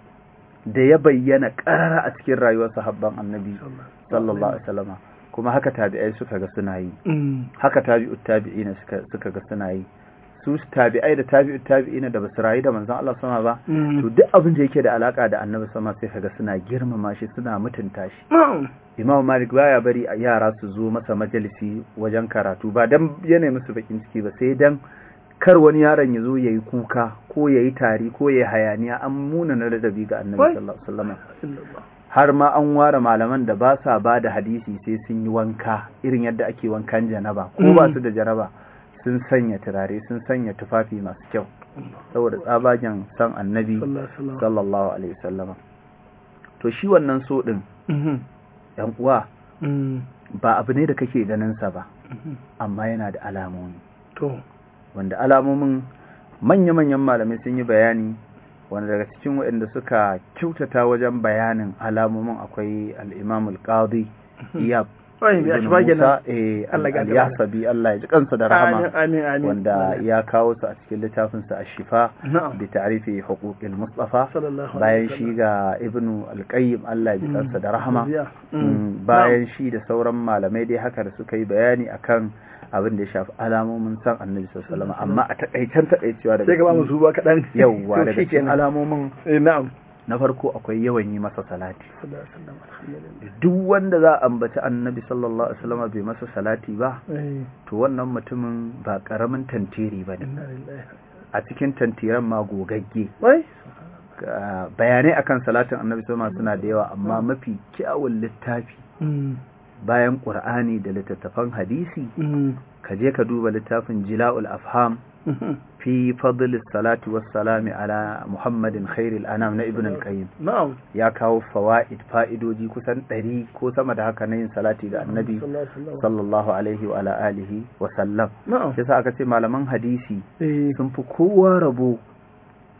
da ya bayyana ƙarara a cikin rayuwar sahabban annabi sallallahu alaihi wasallam kuma haka tabi'ai suka ga suna yi mm. haka tabi'ut tabi'ina suka suka ga suna yi su tabi'ai da tabi'u tabi'ina da basu rayu da manzon Allah sama ba mm. to duk abin da yake da alaka da annabi sama sai kaga suna girmama shi suna mutunta shi mm. Imam Malik baya bari yara su zo masa majalisi wajen karatu ba dan yana musu bakin ciki ba sai dan kar wani yaron ya zo ya kuka ko yayi tari ko yayi hayaniya an muna na ladabi ga annabi sallallahu alaihi wasallam har ma an ware malaman da ba sa ba da hadisi sai sun yi wanka irin yadda ake wankan janaba ko ba su da jaraba sun sanya turare sun sanya tufafi masu kyau saboda tsabagen san annabi sallallahu alaihi to shi wannan so din mm-hmm. yan uwa mm-hmm. ba abu ne da kake ganin sa ba amma yana da alamomi to wanda alamomin manya-manyan malamai sun yi bayani wanda daga cikin waɗanda suka kyautata wajen bayanin alamomin akwai al'imamul qadi mm-hmm. iyab Eh, al-yahsabi Allah ya ji kansa da rahama wanda ya kawo su a cikin littafin sa ash-shifa bi ta'rifi huquqil mustafa bayan shi ga Ibn al-qayyim Allah ya ji kansa da mm, rahama mm, mm, bayan shi da sauran malamai dai haka da suka yi bayani akan abin da ya shafi alamomin san annabi sallallahu alaihi wasallam amma a takaicen takaicewa daga sai ga ba mu su ba kadan yawa daga cikin alamomin eh, na'am na farko akwai yawan yi masa salati duk wanda za a ambaci annabi sallallahu alaihi wasallam bai masa salati ba eh. to wannan mutumin ba karamin tantiri bane a cikin tantiran ma gogagge bayanai akan salatin annabi sallallahu suna da yawa amma hmm. mafi kyawun littafi hmm. bayan qur'ani da littattafan hadisi hmm. ka je ka duba littafin jila'ul afham fi fadlis salatu salami ala muhammadin khairil anam na ibn al-qayyim ya kawo fawaid fa'idoji kusan 100 ko sama da haka na yin salati da annabi sallallahu alaihi wa ala alihi wa sallam yasa aka ce malaman hadisi eh. sun fi kowa rabo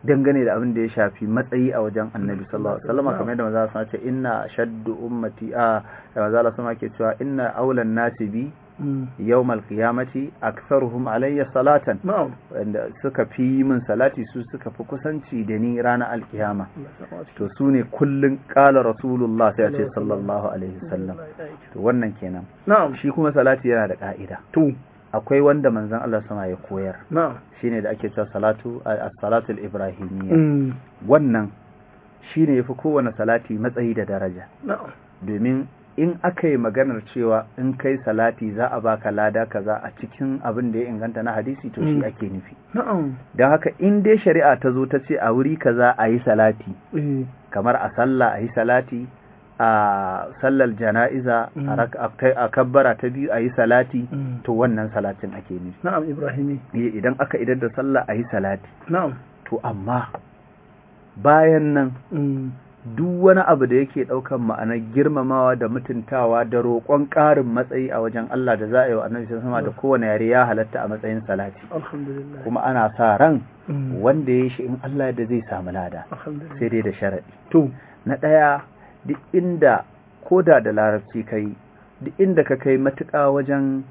dangane da abin da ya shafi matsayi a wajen annabi sallallahu alaihi wasallam kamar yadda maza sun ce inna shaddu ummati a da maza Allah sama ke cewa inna aulan nasibi. Mm. yawmal qiyamati aktharuhum alayya salatan wanda suka fi min salati su suka fi kusanci da ni ranar alkiyama to su ne kullun qala rasulullah sai sallallahu alaihi wasallam to wannan kenan shi kuma salati yana da ka'ida to akwai wanda manzon Allah sama ya koyar shine da ake cewa salatu as-salatu al-ibrahimiyya mm. wannan shine yafi kowanne salati matsayi da daraja domin in aka yi maganar cewa in kai salati za a baka lada kaza a cikin abin da ya inganta na hadisi to shi mm. ake nufi don haka in dai shari'a ta zo ta ce a wuri kaza a yi salati eh. kamar a sallah a yi salati a sallar jana'iza a mm. kabbara ta biyu a yi salati mm. to wannan salatin ake nufi na'am ibrahimi eh, idan aka idar da sallah a yi salati na'am to amma bayan nan duk wani abu da yake ɗaukan ma'anar girmamawa da mutuntawa da roƙon ƙarin matsayi a wajen Allah da za a yi wa annabi sama da kowane yare ya halatta a matsayin salati kuma ana sa ran mm. wanda ya shi in Allah da zai samu lada sai dai da sharaɗi na ɗaya duk inda koda da larabci kai duk inda ka kai matuƙa wajen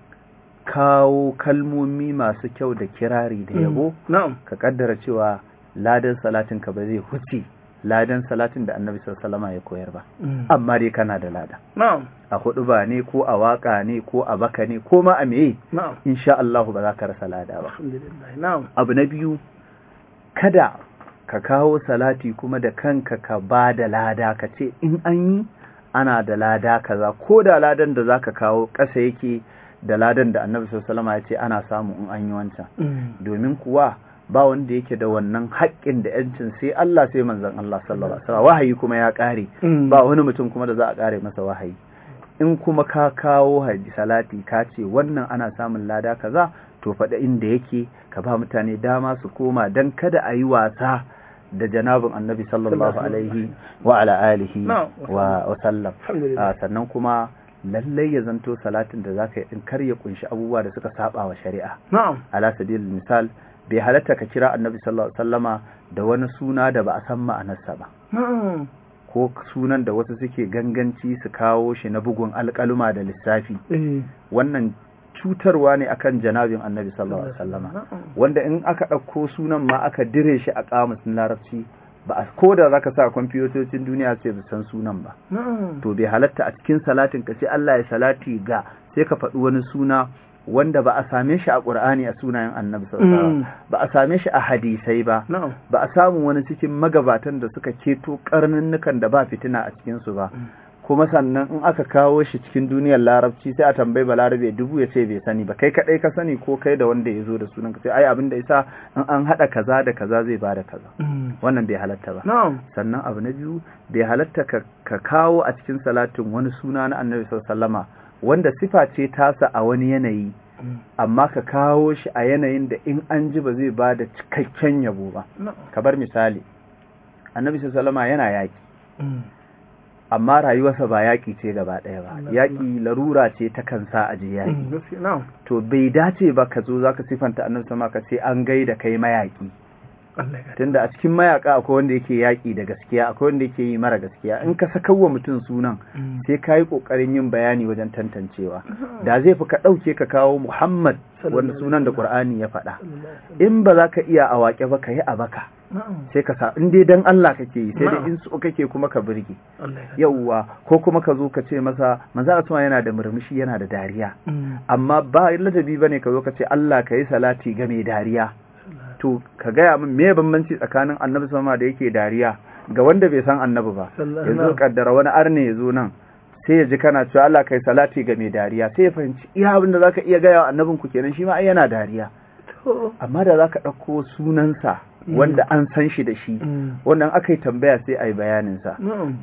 kawo kalmomi masu kyau da kirari da mm. yabo ka ƙaddara cewa ladan salatin ka ba zai huce ladan salatin da annabi sallama ya koyar ba mm. amma dai kana da lada a hudu ba ne ko a waka ne ko a baka ne ko ma a meye insha Allah ba za ka rasa lada ba abu na biyu kada ka kawo salati kuma da kanka ka ba da lada ka ce in an yi ana da lada kaza ko da ladan da za ka kawo ƙasa yake da ladan da annabi sallama ya ce ana samu in an yi wancan mm. domin kuwa ba wanda yake da wannan haƙƙin da yancin sai Allah sai manzan Allah sallallahu alaihi wasallam wahayi kuma ya ƙare mm. ba wani mutum kuma da za a ƙare masa wahayi in kuma ka kawo haji salati ka ce wannan ana samun lada kaza to faɗa inda yake ka ba mutane dama su koma dan kada a yi wasa da janabin annabi sallallahu alaihi wa ala alihi wa sallam ah, sannan kuma lallai ya zanto salatin da zaka yi ɗin kar ya kunshi abubuwa da suka saba wa shari'a ala sabilil misal bai halatta ka kira annabi sallallahu alaihi da wani suna da ba a san ma'anarsa ba ko sunan da wasu suke ganganci su kawo shi na bugun alƙaluma da lissafi eh. wannan cutarwa ne akan janabin annabi sallallahu alaihi wasallama wanda in aka ɗauko sunan ma aka dire shi a kamusin larabci ba a ko da zaka sa kwamfiyotocin duniya sai ba san sunan ba to bai halatta a cikin salatin ka sai Allah ya salati ga sai ka faɗi wani suna wanda ba a same shi a ƙur'ani a sunayen annabi sallallahu mm. ba a same shi a hadisai ba ba a samu wani cikin magabatan da suka ceto karnannukan da ba fitina a cikinsu ba mm. kuma sannan in aka kawo shi cikin duniyar larabci sai a tambayi balarabe dubu ya ce bai sani ba kai kadai ka sani ko kai da wanda ya zo da sunan ka sai ai abin da isa in an hada kaza da kaza zai bada kaza mm. wannan bai halatta ba sannan abu na biyu bai halatta ka kawo a cikin salatin wani suna na annabi sallallahu alaihi wasallama wanda sifa ce tasa a wani yanayi mm. amma ka kawo shi a yanayin da in an ji ba zai ba da cikakken yabo ba bar misali annabi sallama yana yaki mm. amma rayuwarsa ba yaƙi ce gaba ɗaya ba mm. yaƙi larura ce ta kansa a je yaƙi to bai dace ba ka zo za ka siffanta annabi sama ka ce an gaida kai mayaƙi tunda a cikin mayaka akwai wanda yake yaƙi da gaskiya akwai wanda yake yi mara gaskiya in ka sakawa mutum sunan mm. sai ka yi ƙoƙarin yin bayani wajen tantancewa da zai fi ka ɗauke ka kawo muhammad wanda sunan da ƙur'ani ya faɗa in ba za ka iya a waƙe ba ka yi a baka sai ka sa in dai dan Allah kake yi sai dai in so kake kuma ka birge yawwa ko kuma ka zo ka ce masa manzo Allah yana da murmushi yana da dariya mm. amma ba ladabi bane ka zo ka ce Allah ka yi salati game dariya to ka gaya min me bambanci tsakanin annabi sama da yake dariya ga wanda bai san annabi ba yanzu kaddara wani arne ya zo nan sai ya ji kana cewa Allah kai salati ga mai dariya sai ya fahimci iya abin da zaka iya gaya wa annabin ku kenan shi ma ai yana dariya amma da zaka ɗauko sunansa mm. wanda an san shi da shi mm. wannan aka yi tambaya sai a yi sa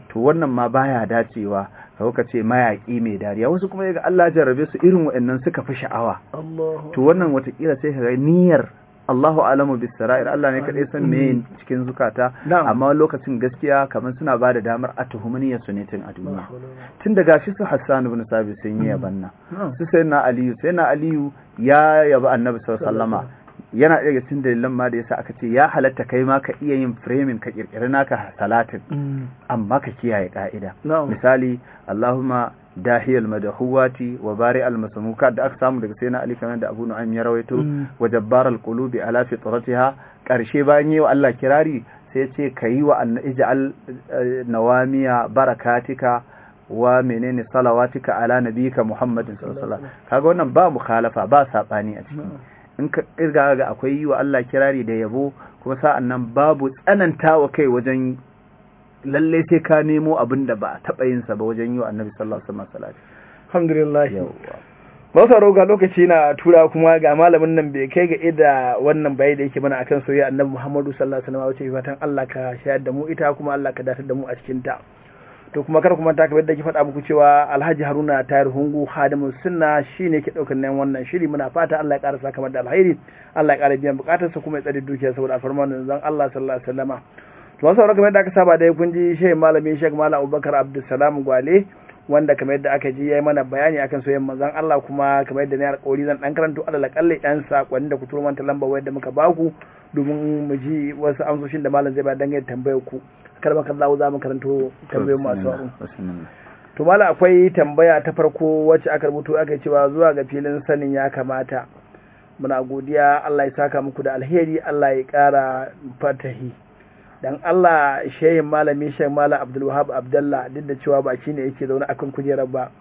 to wannan ma baya dacewa kawo ka ce mayaƙi mai dariya wasu kuma yaga Allah jarrabe su irin waɗannan suka fi sha'awa to wannan watakila sai ka ga niyyar Allahu alamu bis sara'ir Allah ne kadai san me cikin zukata amma lokacin gaskiya kamar suna ba da damar a tuhumniya su ne tun a duniya tun da gashi su Hassan ibn Sabit sun yi yabanna mm. su sayyidina Aliyu sayyidina Aliyu ya yaba Annabi sallallahu alaihi wasallam yana daga cikin dalilan ma da yasa aka ce ya halatta kai ma ka iya yin framing ka kirkiri naka salatin mm. amma ka kiyaye ka'ida misali Allahumma dahiyal madahuwati wa bari al masamuka da aka samu daga sayyidina ali kamar da abu nu'aym ya rawaito wa jabbar al qulubi ala fitratiha karshe bayan yi wa Allah kirari sai ya ce kayi wa an ij'al nawamiya barakatika wa menene salawatika ala nabiyika muhammadin sallallahu alaihi wasallam wannan ba mukhalafa ba sabani a ciki in ka kirga ga akwai yi wa Allah kirari da yabo kuma sa'an nan babu wa kai wajen lalle sai ka nemo abin da ba a taɓa yinsa ba wajen yi wa annabi sallallahu alaihi wasallam salati alhamdulillah sa ga lokaci na tura kuma ga malamin nan bai kai ga ida wannan bai da yake mana akan soyayya annabi Muhammadu sallallahu alaihi wasallam wace fatan Allah ka shayar da mu ita kuma Allah ka datar da mu a cikin ta to kuma kar kuma taka yadda da ke faɗa muku cewa Alhaji Haruna Tayar Hungu Hadimu Sunna shine ke daukar nan wannan shiri muna fata Allah ya ƙara saka da alhairi Allah ya ƙara biyan bukatarsa kuma ya tsare dukiya saboda alfarman zan Allah sallallahu alaihi wasallam to wasu kamar yadda aka saba dai kun ji shehin malami shek malam abubakar abdulsalam gwale wanda kamar yadda aka ji ya yi mana bayani akan soyayyen manzon Allah kuma kamar yadda yi alƙawari zan dan karanto alal kalle dan sakonnin da ku turo manta lamba wayar da muka baku domin mu ji wasu amsoshin da malam zai ba dangane da tambayar ku ma kallahu za mu karanto tambayoyin masu aro to malam akwai tambaya ta farko wacce aka rubuto aka cewa zuwa ga filin sanin ya kamata muna godiya Allah ya saka muku da alheri Allah ya ƙara fatahi dan Allah shehin malami shai malam Abdul Wahab Abdullah duk da cewa ba shine yake zaune akan kujerar ba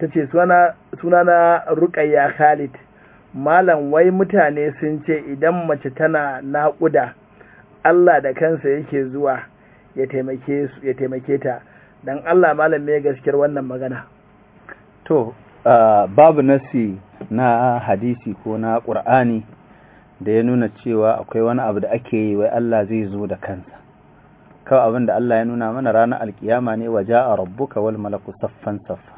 tace suna na Ruqayya Khalid malam wai mutane sun ce idan mace tana naƙuda Allah da kansa yake zuwa ya taimake ya taimake ta dan Allah malam me gaskiyar wannan magana to uh, babu nasi na hadisi ko na Qur'ani da ya nuna cewa akwai wani abu da ake yi wai Allah zai zo da kansa kawai abin da Allah ya nuna mana ranar alkiyama ne waje a rabbuka wal malaku saffan saffa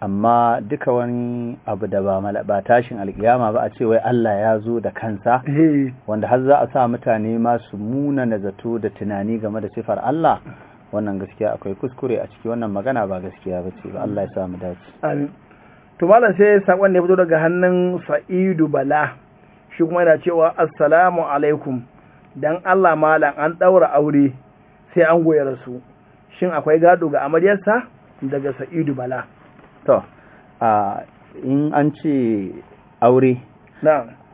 amma duka wani abu da ba tashin alkiyama ba a ce wai Allah ya zo da kansa eh. wanda har za a sa mutane masu muna na zato da tunani game da sifar Allah wannan gaskiya akwai kuskure a ciki wannan magana ba gaskiya ba ce ba Allah ya sa mu dace to malam sai sakon ne ya fito daga hannun Sa'idu Bala shi kuma yana cewa assalamu alaikum dan Allah malam an daura aure sai an goya rasu shin akwai gado ga amaryarsa daga Sa'idu Bala to a in an ce aure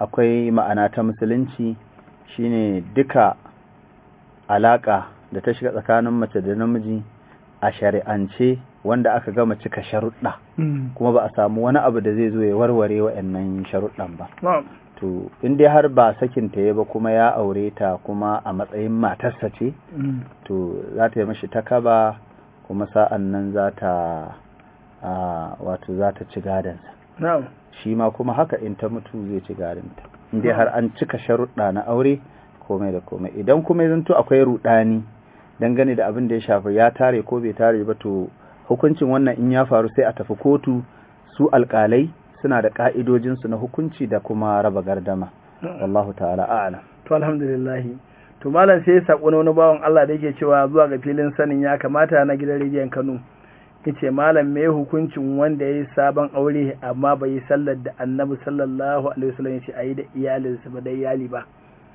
akwai ma'ana ta musulunci shine duka alaka da ta shiga tsakanin mace da namiji a shari'ance wanda aka gama cika sharuɗa hmm. kuma ba a samu wani abu da zai zo ya warware wa'annan sharuɗan ba to in dai har ba sakin ta ya ba kuma ya aure ta kuma a matsayin matarsa ce mm. to za ta yi mashi takaba kuma sa'an nan za ta wato za ta ci gadansa shi ma kuma haka in ta mutu zai ci gadanta in dai har an cika sharuɗa na aure komai da komai idan kuma zanto akwai ruɗani dangane da abin da ya shafi ya tare ko bai tare ba to hukuncin wannan in ya faru sai a tafi kotu su alƙalai suna da ƙa'idojinsu na hukunci da kuma raba gardama wallahu ta'ala a'lam to alhamdulillah to malam sai ya sako wani bawan Allah da yake cewa zuwa ga filin sanin ya kamata na gidan rijiyar Kano yace malam me hukuncin wanda ya yi sabon aure amma bai yi sallar da Annabi sallallahu alaihi wasallam a ayi da iyalinsa ba da iyali ba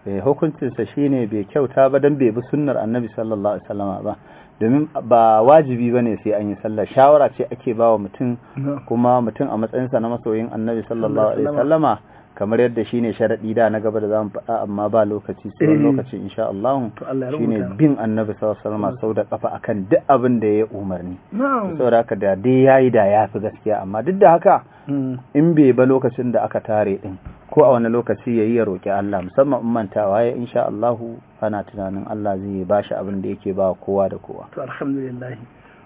eh hukuncinsa shine bai kyauta ba dan bai bi sunnar Annabi sallallahu alaihi wasallam ba domin ba wajibi bane sai an yi sallah shawara ce ake ba wa mutum kuma mutum a matsayinsa na masoyin annabi sallallahu alaihi wasallama kamar yadda shi shine sharaɗi da na gaba da zamu faɗa amma ba lokaci sai eh. lokaci insha Allah shine bin annabi sallallahu alaihi sau da kafa akan duk abin da ya umarni saboda haka da dai yayi da yafi gaskiya amma duk da haka hmm. in bai ba lokacin da aka tare din ko a wani lokaci yayi ya roki Allah musamman in mantawa ya insha Allah ana tunanin Allah zai bashi abin da yake ba kowa da kowa to alhamdulillah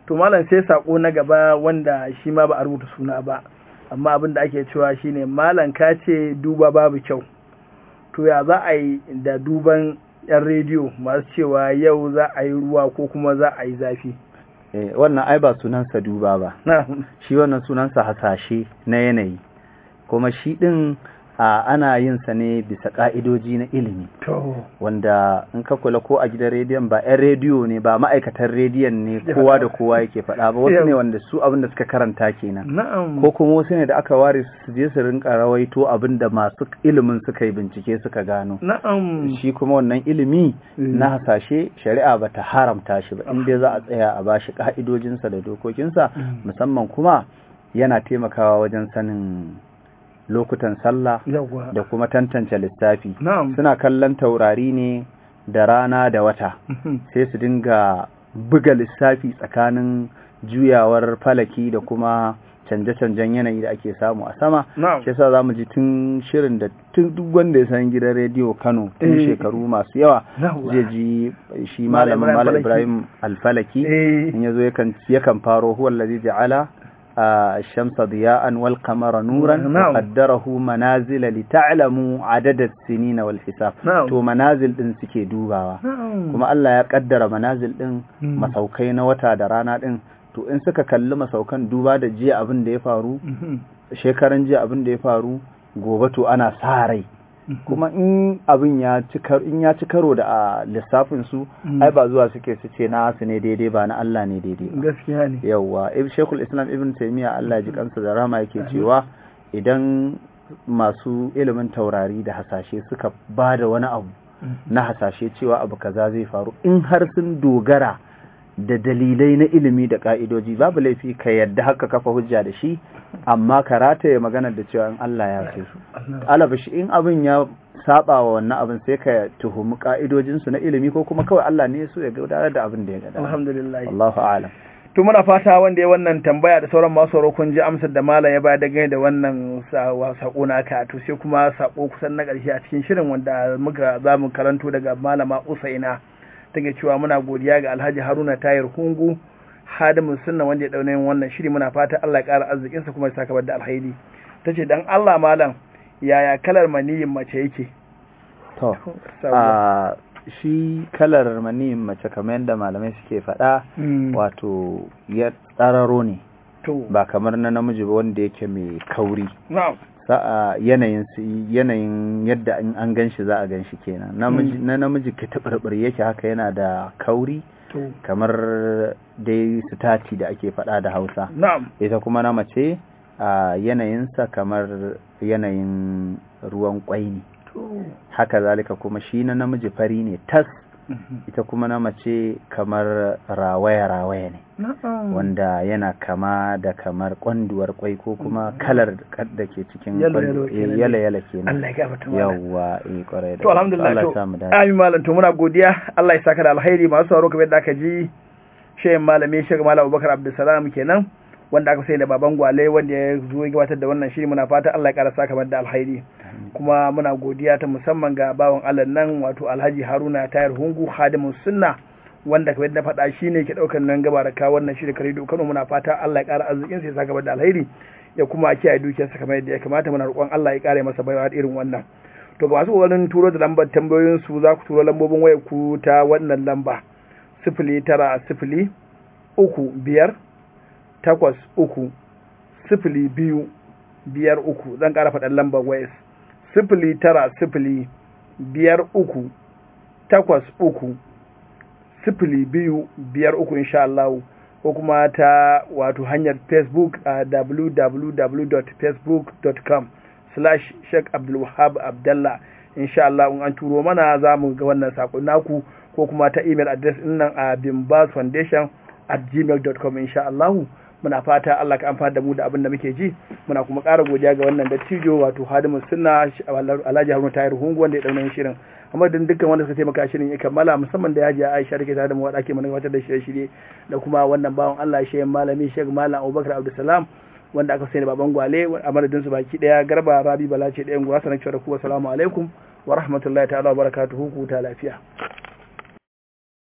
to malam sai sako na gaba wanda shi ma ba a rubuta suna ba amma abin da ake cewa shine malam ka ce duba babu kyau to ya za a yi da duban yan rediyo masu cewa yau za a yi ruwa ko kuma za a yi zafi eh, wannan ai ba sunansa duba ba shi wannan sunansa hasashe na yanayi kuma shi din ana yin sa ne bisa ka'idoji na ilimi wanda in ka kula ko a gidan rediyon ba 'yan rediyo ne ba ma'aikatan rediyon ne kowa da kowa yake faɗa ba wasu ne wanda su abin da suka karanta kenan ko kuma wasu ne da aka ware su je su rinka rawaito abin da masu ilimin suka yi bincike suka gano shi kuma wannan ilimi eh. na hasashe shari'a ba ta haramta shi ba in dai za a tsaya a bashi ka'idojinsa da dokokinsa eh. musamman kuma yana taimakawa wajen sanin lokutan sallah da kuma tantance lissafi suna kallon taurari ne da rana da wata mhm. sai su dinga buga lissafi tsakanin juyawar falaki da kuma canje-canjen yanayi da ake samu a sama shi za zamu ji tun shirin da tun duk wanda ya san gidan rediyo Kano tun eh. shekaru masu yawa zai ji shi malamin Malam Ibrahim Alfalaki eh. in yazo yakan yakan faro huwan allazi ja'ala الشمس ضياء والقمر نورا نعم. وقدره منازل لتعلموا عدد السنين والحساب نعم. تو منازل din suke dubawa kuma Allah ya kaddara manazil din masaukai na wata da rana din to in suka kalli masaukan duba da jiya abin ya faru shekaran jiya abinda ya faru gobe to ana sa rai kuma in abin ya ci in ya ci karo da a ah, lissafin su mm. ai ba zuwa suke su ce na su ne daidai ba na Allah ne daidai gaskiya ne yawa ibn islam ibn taymiya Allah ji mm-hmm. kansa da rama yake cewa idan masu ilimin taurari da hasashe suka ba da wani abu mm-hmm. na hasashe cewa abu kaza zai faru in har sun dogara da dalilai na ilimi da ka'idoji babu laifi ka yadda haka kafa hujja da shi amma ka rataye maganar da cewa in Allah ya ce alabashi in abin ya saba wa wannan abin sai ka tuhumi ka'idojinsu na ilimi ko kuma kawai Allah ne so ya gudanar da abin da ya gada alhamdulillah Allahu a'lam to muna fata wanda ya wannan tambaya da sauran masu sauraro kun ji amsar da malam ya bayar dangane da wannan sako ka to sai kuma sako kusan na karshe a cikin shirin wanda muka za karanto daga malama Usaina take cewa muna godiya ga Alhaji Haruna Tayar Hungu hadimin sunna wanda ya dauna wannan shiri muna fata Allah ya ƙara arzikin sa kuma ya saka da ta tace dan Allah malam yaya kalar maniyin mace yake to <laughs> a shi kalar maniyin mace kamar yadda malamai suke faɗa hmm. wato ya tsararo ne ba kamar na namiji ba wanda yake mai kauri yanayin yanayin yadda in an ganshi za a ganshi kenan namiji hmm. na namiji kitabarbar yake haka yana da kauri kamar dai sitati da ake faɗa da Hausa ita kuma na mace yanayinsa kamar yanayin ruwan kwai ne haka zalika kuma shi na namiji fari ne tas Mm-hmm. ita kuma na mace kamar rawaya-rawaya ne wanda yana kama da kamar kwanduwar kwai ko kuma mm-hmm. kalar da ke cikin yala-yala ke nan eh, yawwa a kwarai da Allah ya eh, samu dace amin malam to muna godiya Allah ya saka da alheri masu sauro kamar da aka ji shehin malami shehin malam Abubakar Abdulsalam kenan wanda aka sai da baban gwale wanda ya zo gabatar da wannan shiri muna fata Allah ya kara saka da alheri kuma muna godiya ta musamman ga bawan Allah nan wato Alhaji Haruna Tayar Hungu hadimun Sunna wanda kamar na faɗa shi ne ke ɗaukar nan gaba da kawo wannan shirya kare Kano muna fata Allah ya ƙara arzikin sai ya saka da alheri ya kuma kiyaye dukiyarsa kamar yadda ya kamata muna roƙon Allah ya ƙara masa baiwa irin wannan to ga masu kokarin turo da lambar tambayoyin su za ku turo lambobin waya ku ta wannan lamba sifili tara sifili uku biyar takwas uku sifili biyu biyar uku zan ƙara faɗan lambar wayar sifili tara sifili biyar uku takwas uku sifili biyu biyar uku insha Allah ko kuma ta wato hanyar facebook a www.facebook.com slash sheikh abdulwahab abdallah insha Allah in an turo mana za mu ga wannan sakon naku ko kuma ta email address din nan a bimbas foundation at gmail.com insha Allah muna fata Allah ka amfana da mu da abin da muke ji muna kuma ƙara godiya ga wannan dattijo wato hadimin sunna Alhaji Haruna Tahir Hungu wanda ya dauna shirin amma din dukkan wanda suka taimaka shirin ya kammala musamman da yaji Aisha da ke tare da mu wadake mana gabatar da shirye-shirye da kuma wannan bawan Allah shehin malami Sheikh Malam Abubakar Abdulsalam wanda aka sani baban gwale a madadin su baki daya garba rabi bala ce dayan gwasa sanar cewa da ku assalamu alaikum wa rahmatullahi ta'ala wa barakatuhu ku ta lafiya